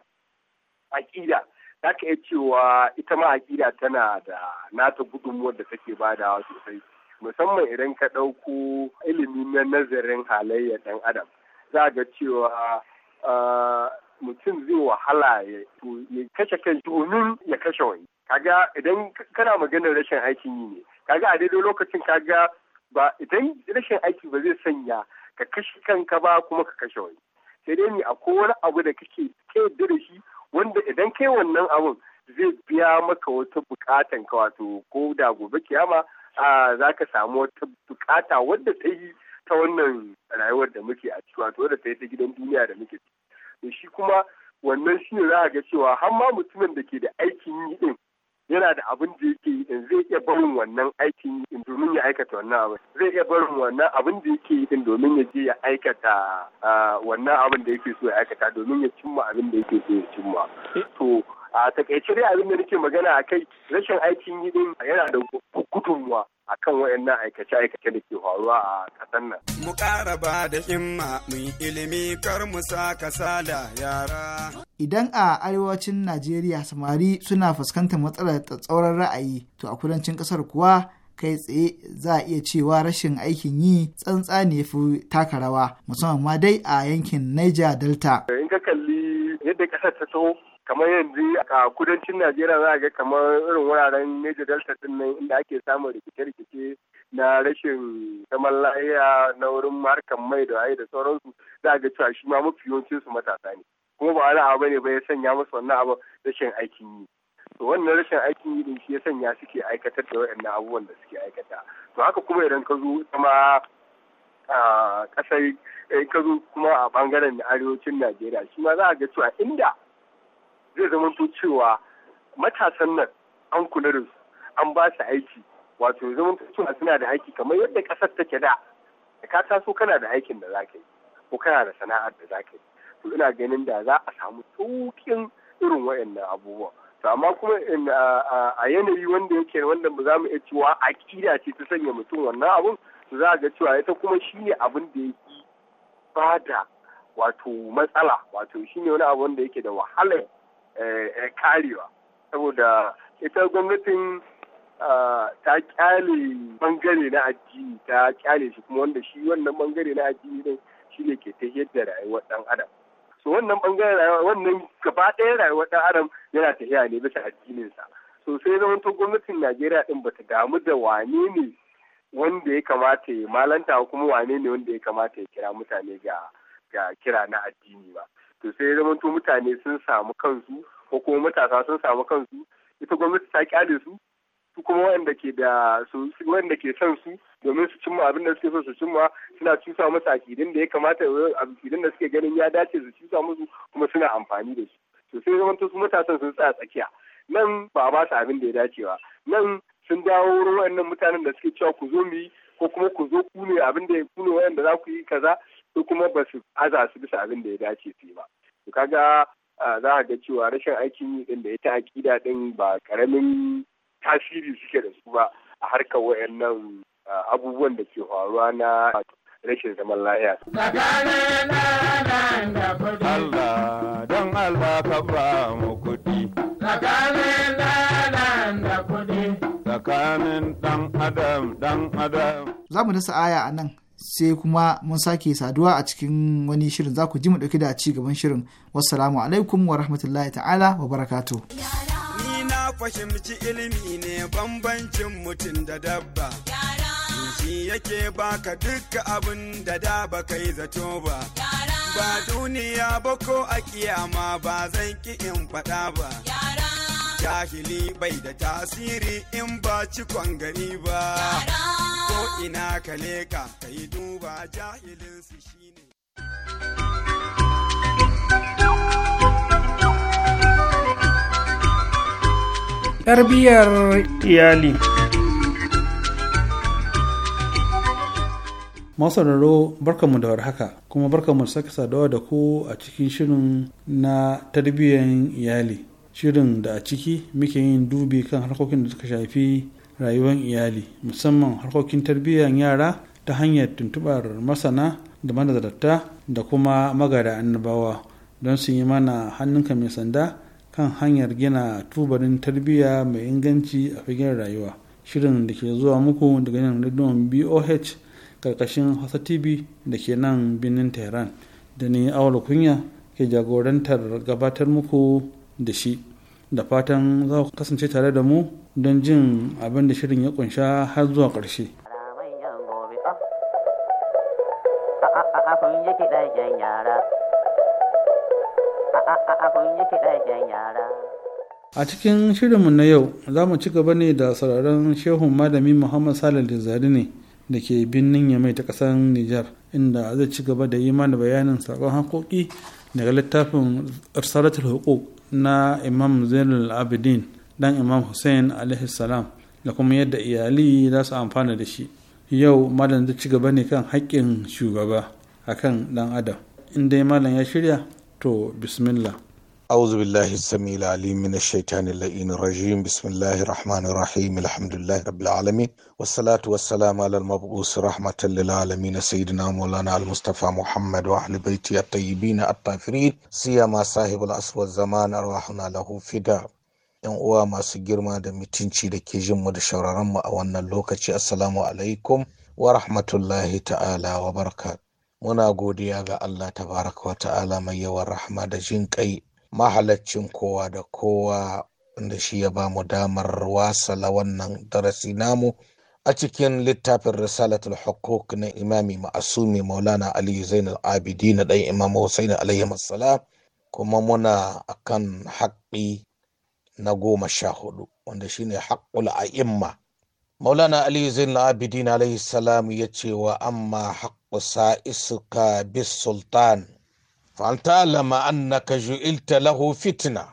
aƙida za ka iya cewa ita ma aƙida tana da nata gudunmuwar da take badawa sosai musamman idan ka ɗauko ilimi na nazarin halayya ɗan adam za ga cewa mutum zai wahala ya kashe kan domin ya kashe wani kaga idan kana maganar rashin aikin yi ne kaga a daidai lokacin kaga ba idan rashin aiki ba zai sanya ka kashe kanka ba kuma ka kashe wani sai dai ne akwai wani abu da kake kai da shi wanda idan kai wannan abun zai biya maka wata bukatan ka wato ko da gobe kiyama za ka samu wata bukata wadda ta yi ta wannan rayuwar da muke a ciki wato wadda ta yi ta gidan duniya da muke ciki shi kuma wannan shi ne za a ga cewa har ma mutumin da ke da aikin yi din yana da abin da yake yi zai iya barin wannan aikin yi domin ya aikata wannan abin zai iya barin wannan abin da yake yi domin ya je ya aikata wannan abin da yake so ya aikata domin ya cimma abin da yake so ya cimma eh. to a takaice dai abin da nake magana a kai rashin aikin yi din yana da gudunmuwa a kan waɗannan aikace-aikace da ke faruwa a ƙasar nan. Mu ƙara ba da himma mu ilimi kar mu sa kasala yara. Idan a arewacin Najeriya samari suna fuskantar matsalar tsatsauran ra'ayi to a kudancin ƙasar kuwa kai tsaye za a iya cewa rashin aikin yi tsantsa ne fi taka rawa musamman ma dai a yankin Niger Delta. In ka kalli yadda ƙasar ta taho kamar yanzu a kudancin najeriya za a ga kamar irin wuraren major delta din nan inda ake samun rikice-rikice na rashin zaman lahiya na wurin harkar mai da waye da sauransu za a ga cewa shi ma mafi yawancin su matasa ne kuma ba wani abu ne ba ya sanya musu wannan abu rashin aikin yi to wannan rashin aikin yi din shi ya sanya suke aikatar da waɗannan abubuwan da suke aikata to haka kuma idan ka zo kuma a ƙasar ka zo kuma a bangaren arewacin najeriya shi ma za a ga cewa inda zai zamanto cewa matasan nan an kula da su an ba su aiki wato zaman cewa suna da aiki kamar yadda kasar take da da ka taso kana da aikin da za ka yi ko kana da sana'ar da za ka yi to ina ganin da za a samu sauƙin irin waɗannan abubuwa to amma kuma a yanayi wanda yake wanda ba za mu iya cewa aƙida ce ta sanya mutum wannan abun to za a ga cewa ita kuma shine abin da ya ba da wato matsala wato shine wani abu wanda yake da wahalar Eh, eh, karewa saboda ita gwamnatin ah, ta kyale bangare na addini ta kyale shi kuma wanda shi wannan bangare na addini din shi ne ke tahiyar da rayuwar dan adam so wannan bangare wannan gaba ɗaya rayuwar dan adam yana tahiya ne bisa addininsa so sai zaman to gwamnatin najeriya din bata damu da wane ne wanda ya kamata ya malanta kuma wane ne wanda ya kamata ya kira mutane ga ga kira na addini ba to sai zama to mutane sun samu kansu ko kuma matasa sun samu kansu ita gwamnati ta kyale su su kuma waɗanda ke da su wanda ke son su domin su cimma abin da suke so su cimma suna cusa musu akidin da ya kamata akidin da suke ganin ya dace su cusa musu kuma suna amfani da su to sai zama to su matasan sun tsaya tsakiya nan ba ba su abin da ya dace ba nan sun dawo wurin waɗannan mutanen da suke cewa ku zo mu yi ko kuma ku zo ku ne abin da ya kuno waɗanda za ku yi kaza su kuma ba su aza su bisa abin da ya dace su yi ba to kaga za a ga cewa rashin aikin yi din da ya ta aƙida din ba karamin tasiri suke da su ba a harkar wayannan abubuwan da ke faruwa na rashin zaman lafiya. Allah don Allah ka mu kuɗi. Tsakanin da kuɗi. ɗan adam ɗan adam. Za mu dasa aya a nan sai kuma mun sake saduwa a cikin wani shirin za ku ji mu ɗauki da ci gaban shirin wassalamu alaikum wa rahmatullahi ta'ala wa barakato. ni na fahimci ilimi ne bambancin mutum da dabba shi yake baka dukkan abin da da ba kai zato ba ba duniya ba ko a kiyama ba zan ki in faɗa ba jahili bai da tasiri in ba cikon gani ba ko ina ka leka ka yi duba jahilinsu shine tarbiyyar iyali masararo barkanmu da warhaka kuma barkanmu saka sadawa da ku a cikin shirin na tarbiyyar iyali shirin da a ciki muke yin dubi kan harkokin da suka shafi rayuwar iyali musamman harkokin tarbiyyar yara ta hanyar tuntubar masana da manazarta da kuma magada annabawa don su yi mana hannunka mai sanda kan hanyar gina tubarin tarbiyya mai inganci a fagen rayuwa shirin da ke zuwa muku daga nan rediyon boh karkashin hausa tv da ke nan birnin tehran da ni awal kunya ke jagorantar gabatar muku da shi da fatan za ku kasance tare da mu don jin abin da shirin ya kunsha har zuwa ƙarshe. A cikin shirinmu na yau za mu ci gaba ne da sauraron shehun Malamin Muhammad Salih Zari ne da ke birnin Yamai ta ƙasar Nijar inda zai ci gaba da yi mana bayanin sakon haƙoƙi daga littafin Arsalatul Hukuk na imam zainul abidin dan imam hussein salam da kuma yadda iyali za su amfana da shi yau malam zai ci gaba ne kan haƙƙin shugaba akan dan adam in dai malam ya shirya to bismillah أعوذ بالله السميع العليم من الشيطان اللئيم الرجيم بسم الله الرحمن الرحيم الحمد لله رب العالمين والصلاة والسلام على المبعوث رحمة للعالمين سيدنا مولانا المصطفى محمد وأهل بيته الطيبين الطاهرين سيما صاحب العصر والزمان أرواحنا له فداء yan uwa masu girma da mutunci da ke jin mu da shauraron mu a wannan lokaci assalamu alaikum wa rahmatullahi ta'ala wa barka muna godiya ga Allah tabaraka wa ta'ala mai yawan rahma da jin kai mahalaccin kowa da kowa wanda shi ya ba mu damar wasala wannan darasi namu a cikin littafin risalatul hukuk na imami ma'asumi maulana ali zainal abidi na ɗan imam hussein alayhi kuma muna akan haƙƙi na goma sha hudu wanda shine haƙƙul a'imma maulana ali zainal abidi na alayhi salam ya ce wa amma haƙƙu sa'isuka bis sultan فلتعلم أنك جئلت له فتنة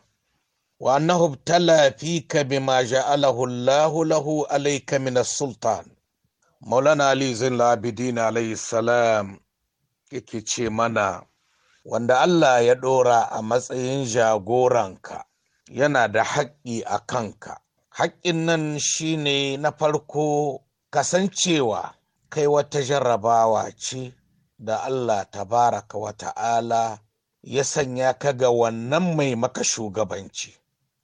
وأنه ابتلى فيك بما جعله الله له عليك من السلطان maulana ali zin labidin alayhi salam yake ce mana wanda allah ya ɗora a matsayin jagoranka yana da haƙƙi a kanka haƙƙin nan shine na farko kasancewa kai wata jarrabawa ce da Allah tabaraka wa ta'ala ya sanya ka ga wannan mai maka shugabanci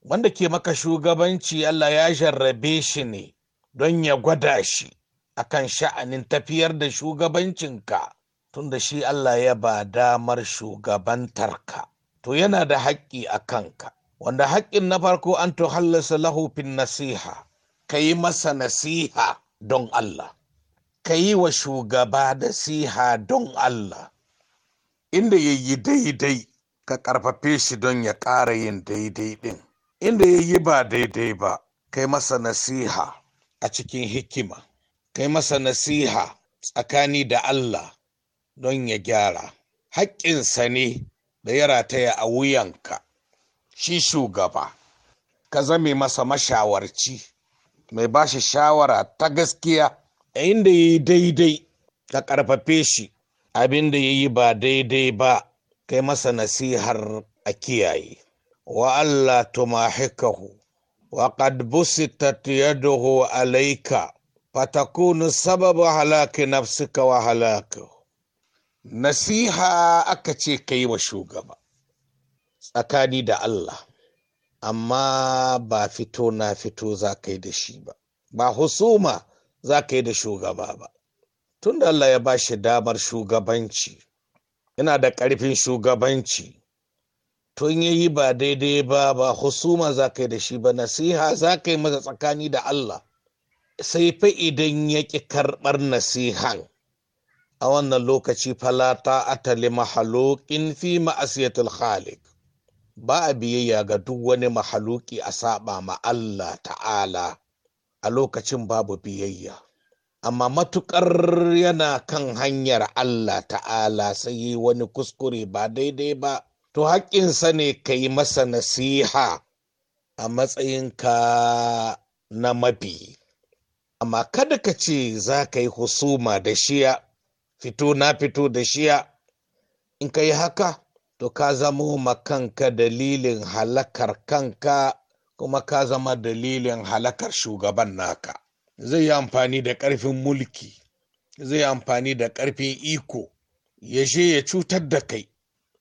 wanda ke maka shugabanci Allah ya jarrabe shi ne don ya gwada shi akan sha'anin tafiyar da shugabancinka tunda shi Allah ya ba damar shugabantarka to yana da haƙƙi a kanka wanda haƙƙin na farko an to hallasa lahufin nasiha ka yi masa nasiha don Allah ka yi wa shugaba nasiha don Allah, inda ya yi daidai ka ƙarfafe shi don ya ƙara yin daidai ɗin, inda ya yi ba daidai ba, kai masa nasiha a cikin hikima, kai masa nasiha tsakani da Allah don ya gyara. Haƙƙinsa ne da ya rataya a wuyanka, shi shugaba, ka zame masa mashawarci, mai ba shi shawara ta gaskiya. yayin da ya yi daidai ka ƙarfafe shi abin da ya yi ba daidai ba kai masa nasihar a kiyaye wa Allah tumahikahu wa qad busitat yaduhu alayka fatakunu sababu halaki nafsika wa halakahu nasiha aka ce ka yi wa shugaba tsakani da Allah amma ba fito na fito za ka yi da shi ba ba husuma za ka yi da shugaba ba tun da Allah ya ba shi damar shugabanci yana da ƙarfin shugabanci tun ya yi ba daidai ba ba husuma za ka yi da shi ba nasiha za ka yi masa tsakani da Allah sai fa idan ya ƙi karɓar nasihan a wannan lokaci falata a atali mahalokin fi ma'asiyatul khaliq ba a biyayya ga duk wani mahaluki a saɓa ma Allah ta'ala a lokacin babu biyayya amma matukar yana kan hanyar Allah ta'ala sai yi wani kuskure ba daidai ba to haƙƙinsa ne ka yi masa nasiha a matsayinka na mafi amma kada ka ce za ka yi husuma da shiya fito na fito da shiya in ka yi haka to ka zamo makanka dalilin halakar kanka kuma ka zama dalilin halakar shugaban naka zai yi amfani da ƙarfin mulki zai yi amfani da ƙarfin iko ya je ya cutar da kai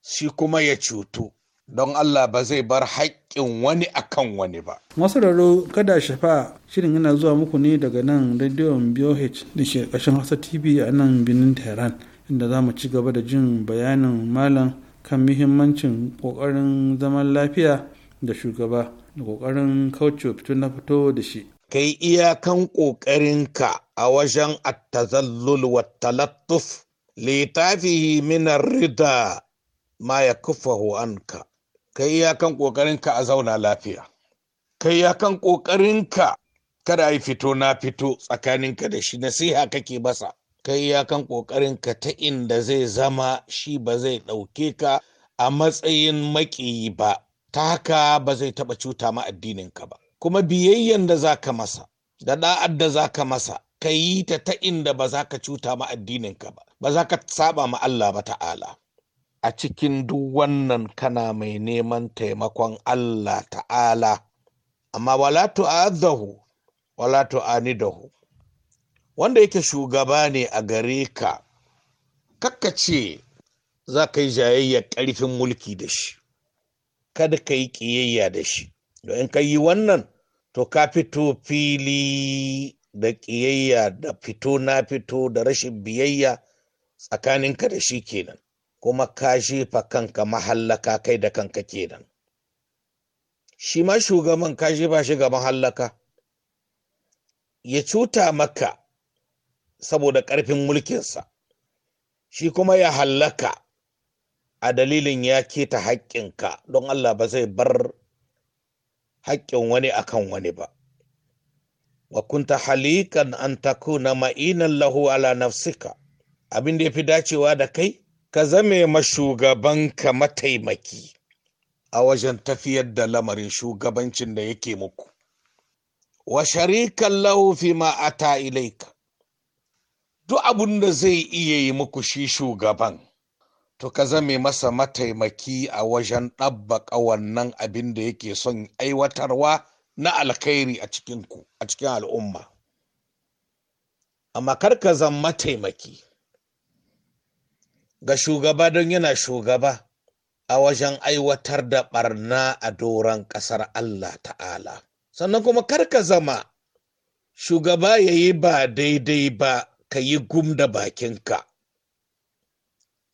shi kuma ya cutu don Allah ba zai bar haƙƙin wani akan wani ba. Masu raro kada shafa shirin yana zuwa muku ne daga nan rediyon BOH da ke ƙarshen Hausa TV a nan binin Tehran inda za mu ci gaba da jin bayanin malam kan muhimmancin ƙoƙarin zaman lafiya da shugaba da ƙoƙarin kauce fito na fito da shi. Kai iyakan ƙoƙarinka a wajen attazallul wa talattuf litafihi minar rida ma ya kufahu anka. Kai iyakan ƙoƙarinka a zauna lafiya. Kai iyakan ƙoƙarinka kada a yi fito na fito tsakaninka da shi nasiha kake basa. Kai iyakan ƙoƙarinka ta inda zai zama shi ba zai ɗauke ka a matsayin maƙiyi ba ta haka ba zai taɓa cuta ma addininka ba kuma biyayyan da za ka masa da da'ad da za ka masa ka yi ta ta inda ba za ka cuta ma addininka ba ba za ka saba ma Allah ba ta'ala a cikin duk wannan kana mai neman taimakon Allah ta'ala amma wala tu'adhahu wala tu'anidahu wanda yake shugaba ne a gare ka kakkace ce za ka yi jayayyar ƙarfin mulki da shi kada ka yi ƙiyayya da shi in ka yi wannan to ka fito fili da ƙiyayya da fito na fito da rashin biyayya tsakaninka da shi kenan kuma ka jefa kanka mahallaka kai da kanka kenan shi ma shugaban ka jefa shi ga mahallaka ya cuta maka saboda ƙarfin mulkinsa shi kuma ya hallaka a dalilin ya keta haƙƙinka don Allah ba zai bar haƙƙin wani akan wani ba wa kunta halikan an na ma'inan lahu ala nafsika abin da ya fi dacewa da kai ka zame mashugabanka mataimaki a wajen tafiyar da lamarin shugabancin da yake muku wa sharikan lahu fi ma ilaika duk abin da zai iya yi muku shi shugaban to ka zame masa mataimaki a wajen ɗabbaƙa wannan abin da yake son aiwatarwa na alkhairi a cikinku a cikin al'umma amma kar ka zama mataimaki ga shugaba don yana shugaba a wajen aiwatar da ɓarna a doron ƙasar Allah ta'ala sannan kuma kar ka zama shugaba ya yi ba daidai ba ka yi gum da bakinka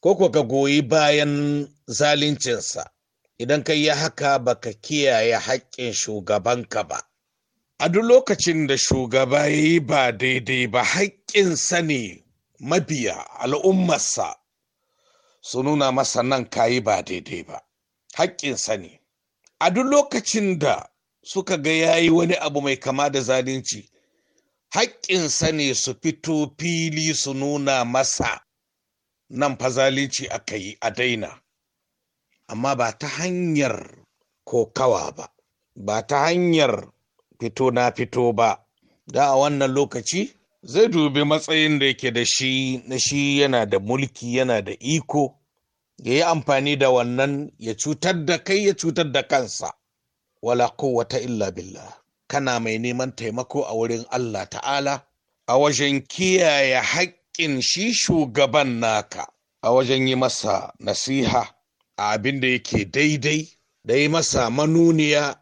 ko kuwa ka goyi bayan zalincinsa idan ka yi haka ka kiyaye haƙƙin shugabanka ba. A duk lokacin da shugaba ya yi ba daidai ba haƙƙinsa ne mabiya al'ummarsa su nuna masa nan ka yi ba daidai ba, haƙƙinsa ne. A duk lokacin da suka ga ya yi wani abu mai kama da zalunci, haƙƙinsa ne su fito fili su nuna masa nan fazalici aka yi a daina amma ba ta hanyar kokawa ba ba ta hanyar fito na fito ba da a wannan lokaci zai dubi matsayin da yake da shi na shi yana da mulki yana da iko ya yi amfani da wannan ya cutar da kai ya cutar da kansa wala kowata illa billah kana mai neman taimako a wurin Allah ta'ala a wajen kiyaye haƙƙi Ƙin shi shugaban naka a wajen yi masa nasiha a abin da yake daidai da yi masa manuniya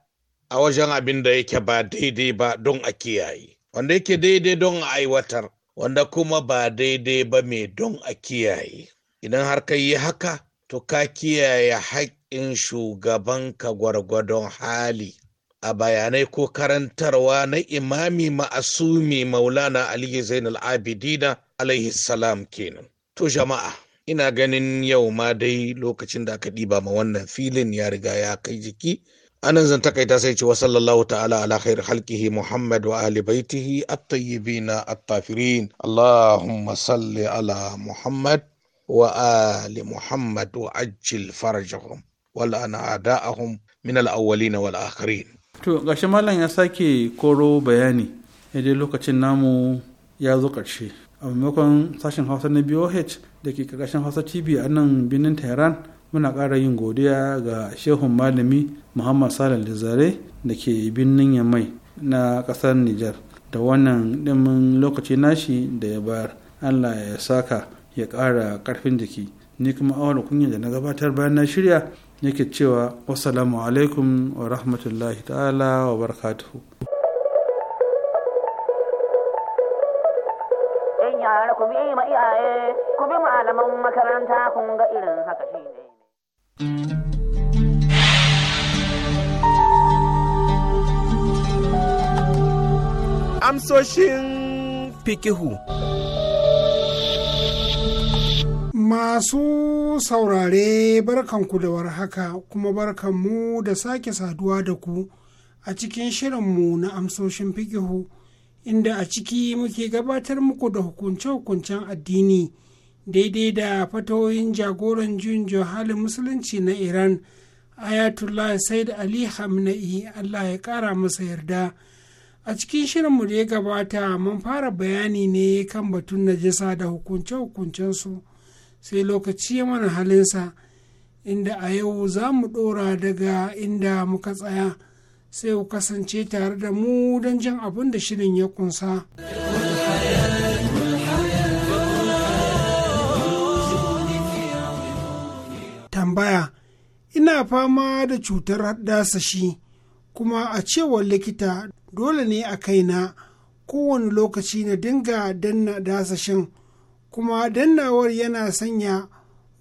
a wajen abin da yake ba daidai ba don a kiyaye wanda yake daidai don a aiwatar wanda kuma ba daidai ba mai don a kiyaye idan har ka yi haka to ka kiyaye haƙƙin shugaban ka gwargwadon hali a bayanai ko karantarwa na imami ma'asumi maulana aliyu zainal abidina alaihi salam kenan to jama'a ina ganin yau ma dai lokacin da aka ɗiba ma wannan filin ya riga ya kai jiki anan zan takaita sai ce wa sallallahu ta'ala ala khair halkihi muhammad wa ahli baitihi at-tayyibin at-tafirin allahumma salli ala muhammad wa ali muhammad wa ajil farajahum wal ana ada'ahum min al-awwalin wal akhirin to gashi mallan ya sake koro bayani idan lokacin namu ya zo ƙarshe a maimakon sashen hausa na boh da ke karkashin hausa tv a nan birnin tehran muna ƙara yin godiya ga shehun malami muhammad salal da zare da ke birnin yamai na ƙasar nijar da wannan ɗimin lokaci nashi da ya bayar allah ya saka ya ƙara ƙarfin jiki ni kuma awon kunya da na gabatar bayan na shirya yake cewa wasu alaikum wa rahmatullahi ta'ala wa barakatuhu ku bi ma iyaye ku bi malaman makaranta kun ga irin haka shi ne. Amsoshin fikihu Masu saurare barkanku da warhaka kuma barkanmu da sake saduwa da ku a cikin shirinmu na amsoshin fikihu. inda a ciki muke gabatar muku da hukunce-hukuncen addini daidai da fatoyin jagoran jin halin musulunci na iran ayatollah said ali hamna'i allah ya kara masa yarda a cikin shirinmu da ya gabata mun fara bayani ne kan batun najasa da hukunce-hukuncensu sai lokaci ya mana halinsa inda a yau za mu ɗora daga inda muka tsaya. sai ku kasance tare da mu don jan abin da shirin ya kunsa. Tambaya Ina fama da cutar dasashi kuma a cewar likita dole ne a kaina kowane lokaci na dinga danna dasashin kuma dannawar yana sanya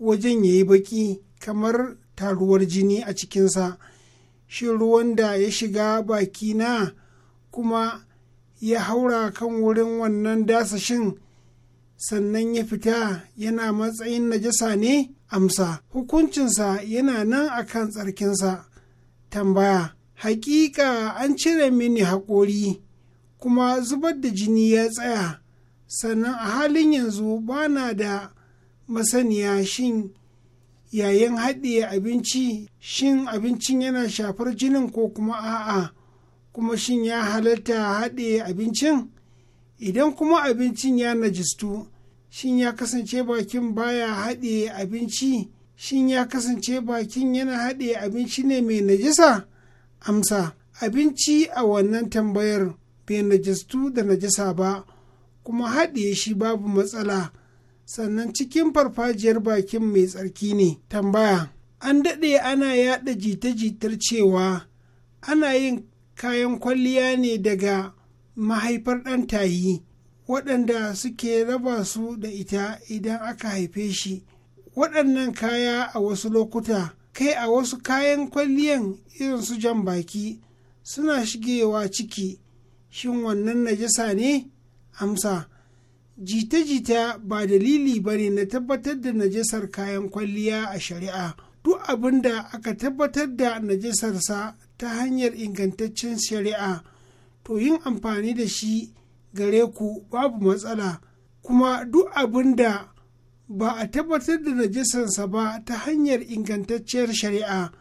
wajen ya yi baki kamar taruwar jini a cikinsa. shi ruwan da ya shiga bakina kuma ya haura kan wurin wannan dasashin sannan ya fita yana matsayin najasa ne amsa hukuncinsa yana nan akan tsarkinsa tambaya hakika an cire mini haƙori kuma zubar da jini ya tsaya sannan a halin yanzu ba na da masaniya shin yayin haɗiye abinci shin abincin yana shafar jinin ko kuma a'a kuma shin ya halatta haɗiye abincin idan kuma abincin ya najistu shin ya kasance bakin baya haɗiye abinci shin ya kasance bakin yana haɗiye abinci ne mai najisa amsa abinci a wannan tambayar bai najistu da najisa ba kuma haɗiye shi babu matsala sannan cikin farfajiyar bakin mai tsarki ne tambaya an daɗe ana yaɗa jita-jitar cewa ana yin kayan kwalliya ne daga mahaifar ɗan tayi waɗanda suke raba su da ita idan aka haife shi waɗannan kaya a wasu lokuta kai a wasu kayan kwalliyan irin su jan baki suna shigewa ciki shin wannan najasa ne amsa jita-jita ba dalili ba ne na tabbatar da najasar kayan kwalliya a shari'a duk abin da aka tabbatar da najasarsa ta hanyar ingantaccen shari'a to yin amfani da shi gare ku babu matsala kuma duk abin da ba a tabbatar da najasarsa ba ta hanyar ingantacciyar shari'a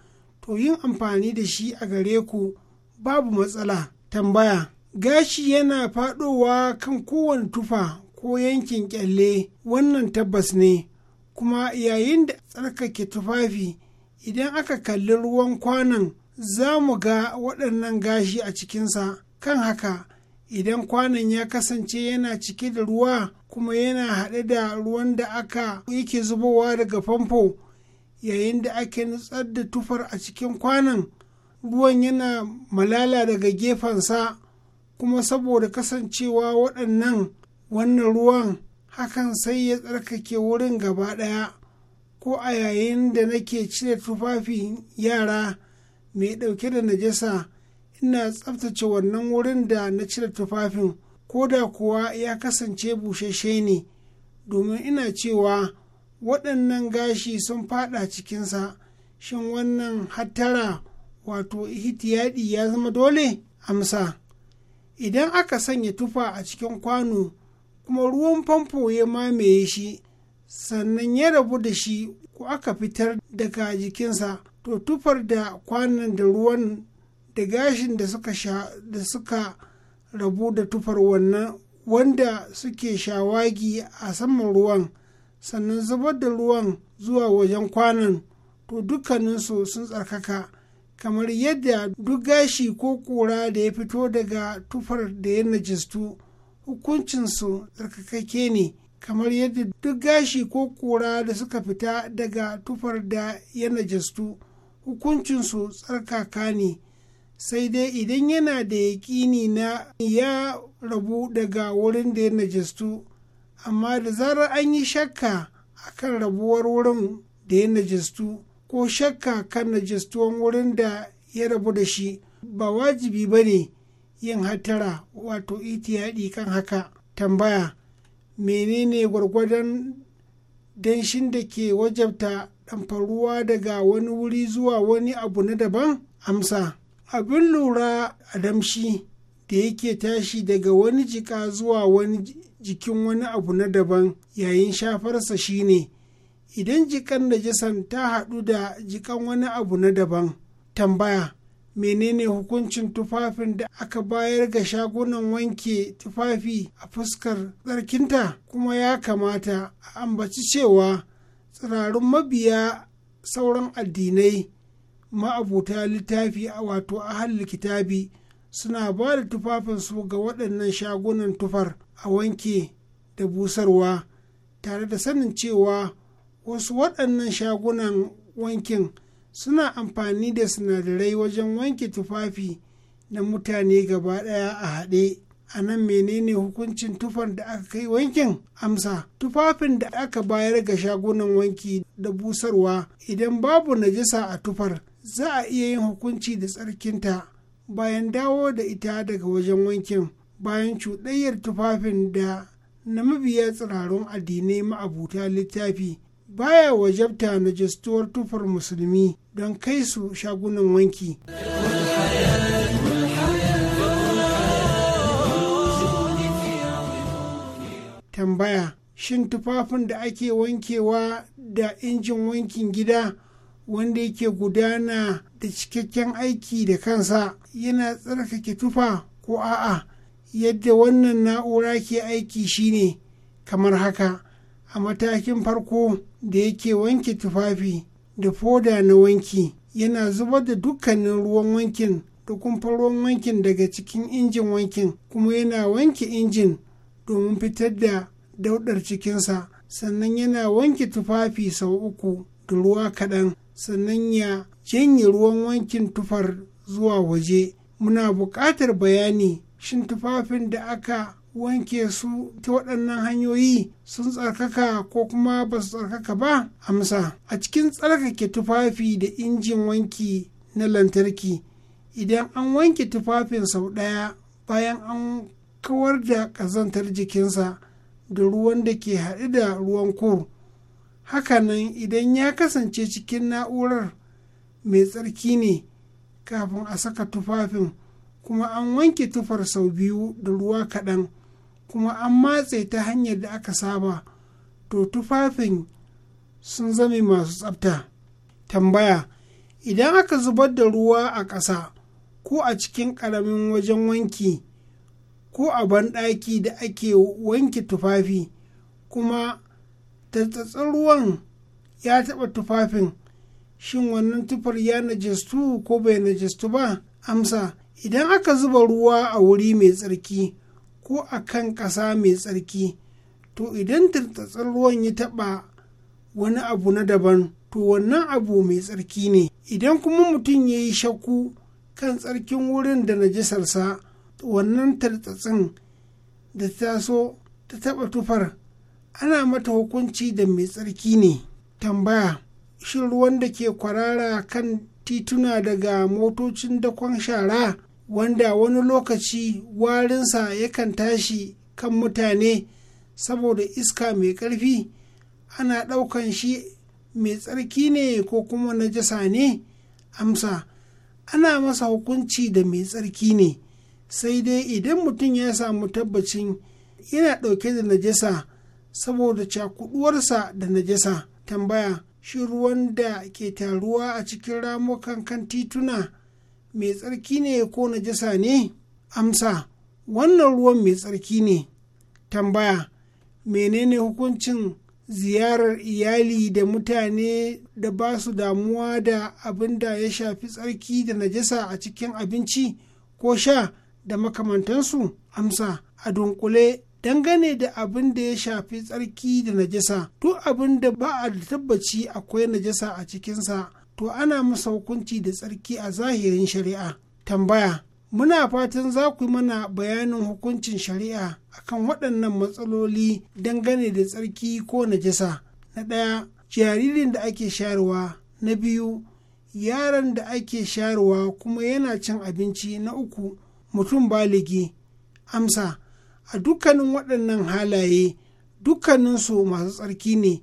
to yin amfani da shi a gare ku babu matsala tambaya gashi yana fadowa kan kowane tufa ko yankin kyalle wannan tabbas ne kuma yayin da tsarkake tufafi idan aka kalli ruwan kwanan za mu ga waɗannan gashi a cikinsa kan haka idan kwanan ya kasance yana cike da ruwa kuma yana haɗe da ruwan da aka yake zubowa daga famfo yayin da ake nutsar da tufar a cikin kwanan ruwan yana malala daga gefensa kuma saboda kasancewa waɗannan wannan ruwan hakan sai ya tsarkake wurin gaba ɗaya ko a yayin da nake cire tufafin yara mai ɗauke da najasa ina tsaftace wannan wurin da na cire tufafin ko da kuwa ya kasance bushashe ne domin ina cewa waɗannan gashi sun faɗa cikinsa shin wannan hattara wato ihtiyadi ya zama dole amsa idan aka sanya tufa a cikin kwano kuma ruwan famfo ya mamaye shi sannan ya rabu da shi ko aka fitar daga jikinsa to tufar da kwanan da ruwan da gashin da suka sha da suka rabu da tufar wannan wanda suke shawagi a saman ruwan sannan zubar da ruwan zuwa wajen kwanan to dukkaninsu sun tsarkaka kamar yadda duk gashi ko kura da ya fito daga tufar da ya najistu hukuncinsu tsarkakakke ne kamar yadda duk gashi ko kura da suka fita daga tufar da ya najastu hukuncinsu tsarkaka ne sai dai idan yana da yaƙini na ya rabu daga wurin da ya najastu amma da zarar an yi shakka akan rabuwar wurin da ya najastu ko shakka kan najastuwan wurin da ya rabu da shi ba wajibi ba ne yin hattara wato itiyadi kan haka tambaya menene gwargwadon danshin da ke wajabta ɗamfaruwa daga wani wuri zuwa wani abu na daban amsa abin lura a damshi da yake tashi daga wani jika zuwa wani jikin wani abu na daban yayin shafarsa shine idan jikan jisan ta haɗu da jikan wani abu na daban tambaya menene hukuncin tufafin da aka bayar ga shagunan wanke tufafi a fuskar tsarkinta kuma ya kamata a ambaci cewa tsirarun mabiya sauran addinai ma'abuta littafi a wato ahal kitabi suna ba da tufafin su ga waɗannan shagunan tufar a wanke da busarwa tare da sanin cewa wasu waɗannan shagunan wankin suna amfani da sinadarai wajen wanke tufafi na mutane gaba ɗaya a haɗe a nan menene hukuncin tufan da aka kai wankin amsa tufafin da aka bayar ga shagunan wanki da busarwa idan babu najasa a tufar za a iya yin hukunci da tsarkinta bayan dawo da ita daga wajen wankin bayan cuɗayyar tufafin da na mabiya tsirarun addinai ma'abuta littafi baya wajabta najistuwar tufar musulmi don kai su shagunan wanki. Tambaya Shin tufafin da ake wankewa da injin wankin gida wanda yake gudana da cikakken aiki da kansa yana tsarkake tufa ko a'a yadda wannan na'ura ke aiki shine kamar haka. a matakin farko da yake wanke tufafi da foda na wanki yana zubar da dukkanin ruwan wankin da kumfar ruwan wankin daga cikin injin wankin kuma yana wanke injin domin fitar da daudar cikinsa sannan yana wanke tufafi sau uku da ruwa kaɗan sannan ya janye ruwan wankin tufar zuwa waje muna buƙatar bayani shin tufafin da aka wanke su ta waɗannan hanyoyi sun tsarkaka ko kuma ba su tsarkaka ba amsa a cikin tsarkake tufafi da injin wanki na lantarki idan an wanke tufafin sau ɗaya bayan an kawar da ƙazantar jikinsa da ruwan da ke haɗe da ruwan kur hakanan idan ya kasance cikin na'urar mai tsarki ne kafin a saka tufafin kuma an wanke tufar sau biyu da ruwa kaɗan kuma an matse ta hanyar da aka saba to tufafin sun zame masu tsafta tambaya idan aka zubar da ruwa a ƙasa ko a cikin ƙaramin wajen wanki ko a banɗaki da ake wanke tufafi kuma tattatsin ruwan ya taɓa tufafin shin wannan tufar ya najistu ko bai najistu ba amsa idan aka zuba ruwa a wuri mai tsarki ko a kan ƙasa mai tsarki to idan tartatsar ruwan ya taɓa wani abu na daban to wannan abu mai tsarki ne idan kuma mutum ya yi shakku kan tsarkin wurin da najisarsa wannan tartatsin da ta so ta taɓa tufar ana mata hukunci da mai tsarki ne tambaya shin ruwan da ke kwarara kan tituna daga motocin dakon shara wanda wani lokaci warinsa yakan tashi kan mutane saboda iska mai ƙarfi ana ɗaukan shi mai tsarki ne ko kuma najasa ne amsa ana masa hukunci da mai tsarki ne sai dai idan mutum ya samu tabbacin yana ɗauke da najasa saboda cakuduwarsa da najasa tambaya shi ruwan da ke taruwa a cikin ramukan kan tituna mai tsarki ne ko najasa ne amsa wannan ruwan mai tsarki ne tambaya menene hukuncin ziyarar iyali da mutane da ba su damuwa da abin da ya shafi tsarki da najasa a cikin abinci ko sha da makamantansu amsa a dunkule dangane da abin da ya shafi tsarki da najasa duk abin da ba a tabbaci akwai najasa a cikinsa to ana masa hukunci da tsarki a zahirin shari'a tambaya muna fatan za ku mana bayanin hukuncin shari'a akan waɗannan matsaloli dangane da tsarki ko najasa na ɗaya jaririn da ake sharuwa. na biyu yaron da ake sharuwa kuma yana cin abinci na uku mutum baligi amsa a dukkanin waɗannan halaye dukkaninsu masu tsarki ne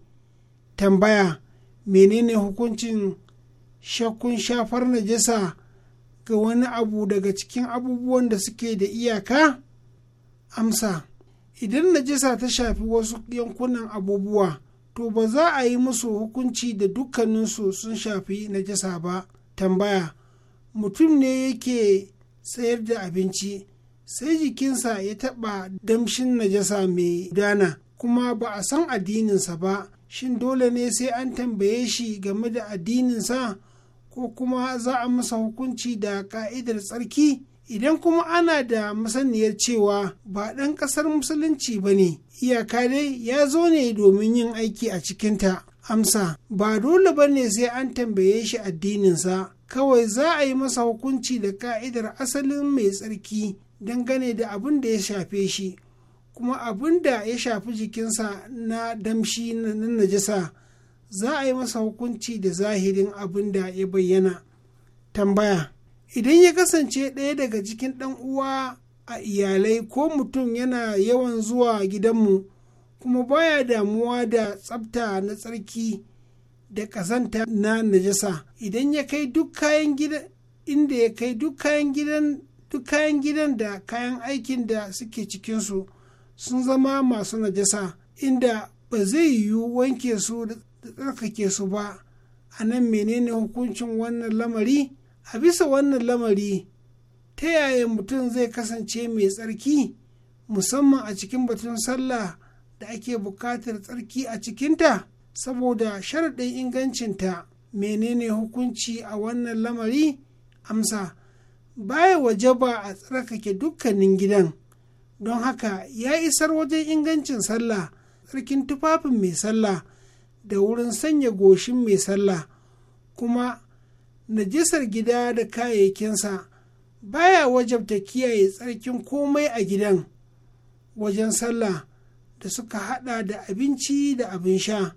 tambaya menene hukuncin shakkun shafar najasa ga wani abu daga cikin abubuwan da suke da iyaka amsa idan najasa ta shafi wasu yankunan abubuwa to ba za a yi musu hukunci da dukkaninsu sun shafi najasa ba tambaya mutum ne yake sayar da abinci sai jikinsa ya taɓa damshin najasa mai dana kuma ba a san addininsa ba shin dole ne sai an tambaye shi game da addininsa ko kuma za a masa hukunci da ka'idar tsarki idan kuma ana da masaniyar cewa ba ɗan ƙasar musulunci ba ne iyaka dai ya zo ne domin yin aiki a cikinta amsa ba dole ba ne sai an tambaye shi addininsa kawai za a yi masa hukunci da ka'idar asalin mai tsarki dangane da abin da ya shafe shi kuma abin da ya shafi jikinsa na damshi na najasa za a yi masa hukunci da zahirin abin da ya bayyana tambaya idan ya kasance ɗaya daga cikin ɗan uwa a iyalai ko mutum yana yawan zuwa gidanmu kuma baya damuwa da tsabta na tsarki da ƙazanta na najasa idan ya kai duk kayan gidan inda ya kai duk kayan gidan gidan da kayan aikin da suke cikinsu sun zama masu najasa inda ba zai yiwu wanke su da tsarkake su ba a nan menene hukuncin wannan lamari a bisa wannan lamari ta yaya mutum zai kasance mai tsarki musamman a cikin batun sallah da ake buƙatar tsarki a cikinta saboda sharaɗin ingancinta menene hukunci a wannan lamari amsa baya wajaba a tsarkake dukkanin gidan don haka ya isar wajen ingancin sallah tsarkin tufafin mai sallah da wurin sanya goshin mai sallah kuma najisar gida da kayayyakinsa baya wajabta kiyaye tsarkin komai a gidan wajen sallah da suka hada da abinci da abin sha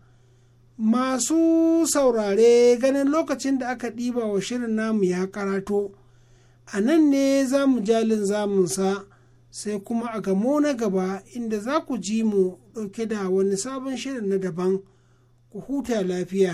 masu saurare ganin lokacin da aka ɗiba wa shirin namu ya karato a nan ne za mu jalin zamunsa sai kuma a gamo na gaba inda za ku ji mu ɗauke da wani sabon shirin na daban. ku huta lafiya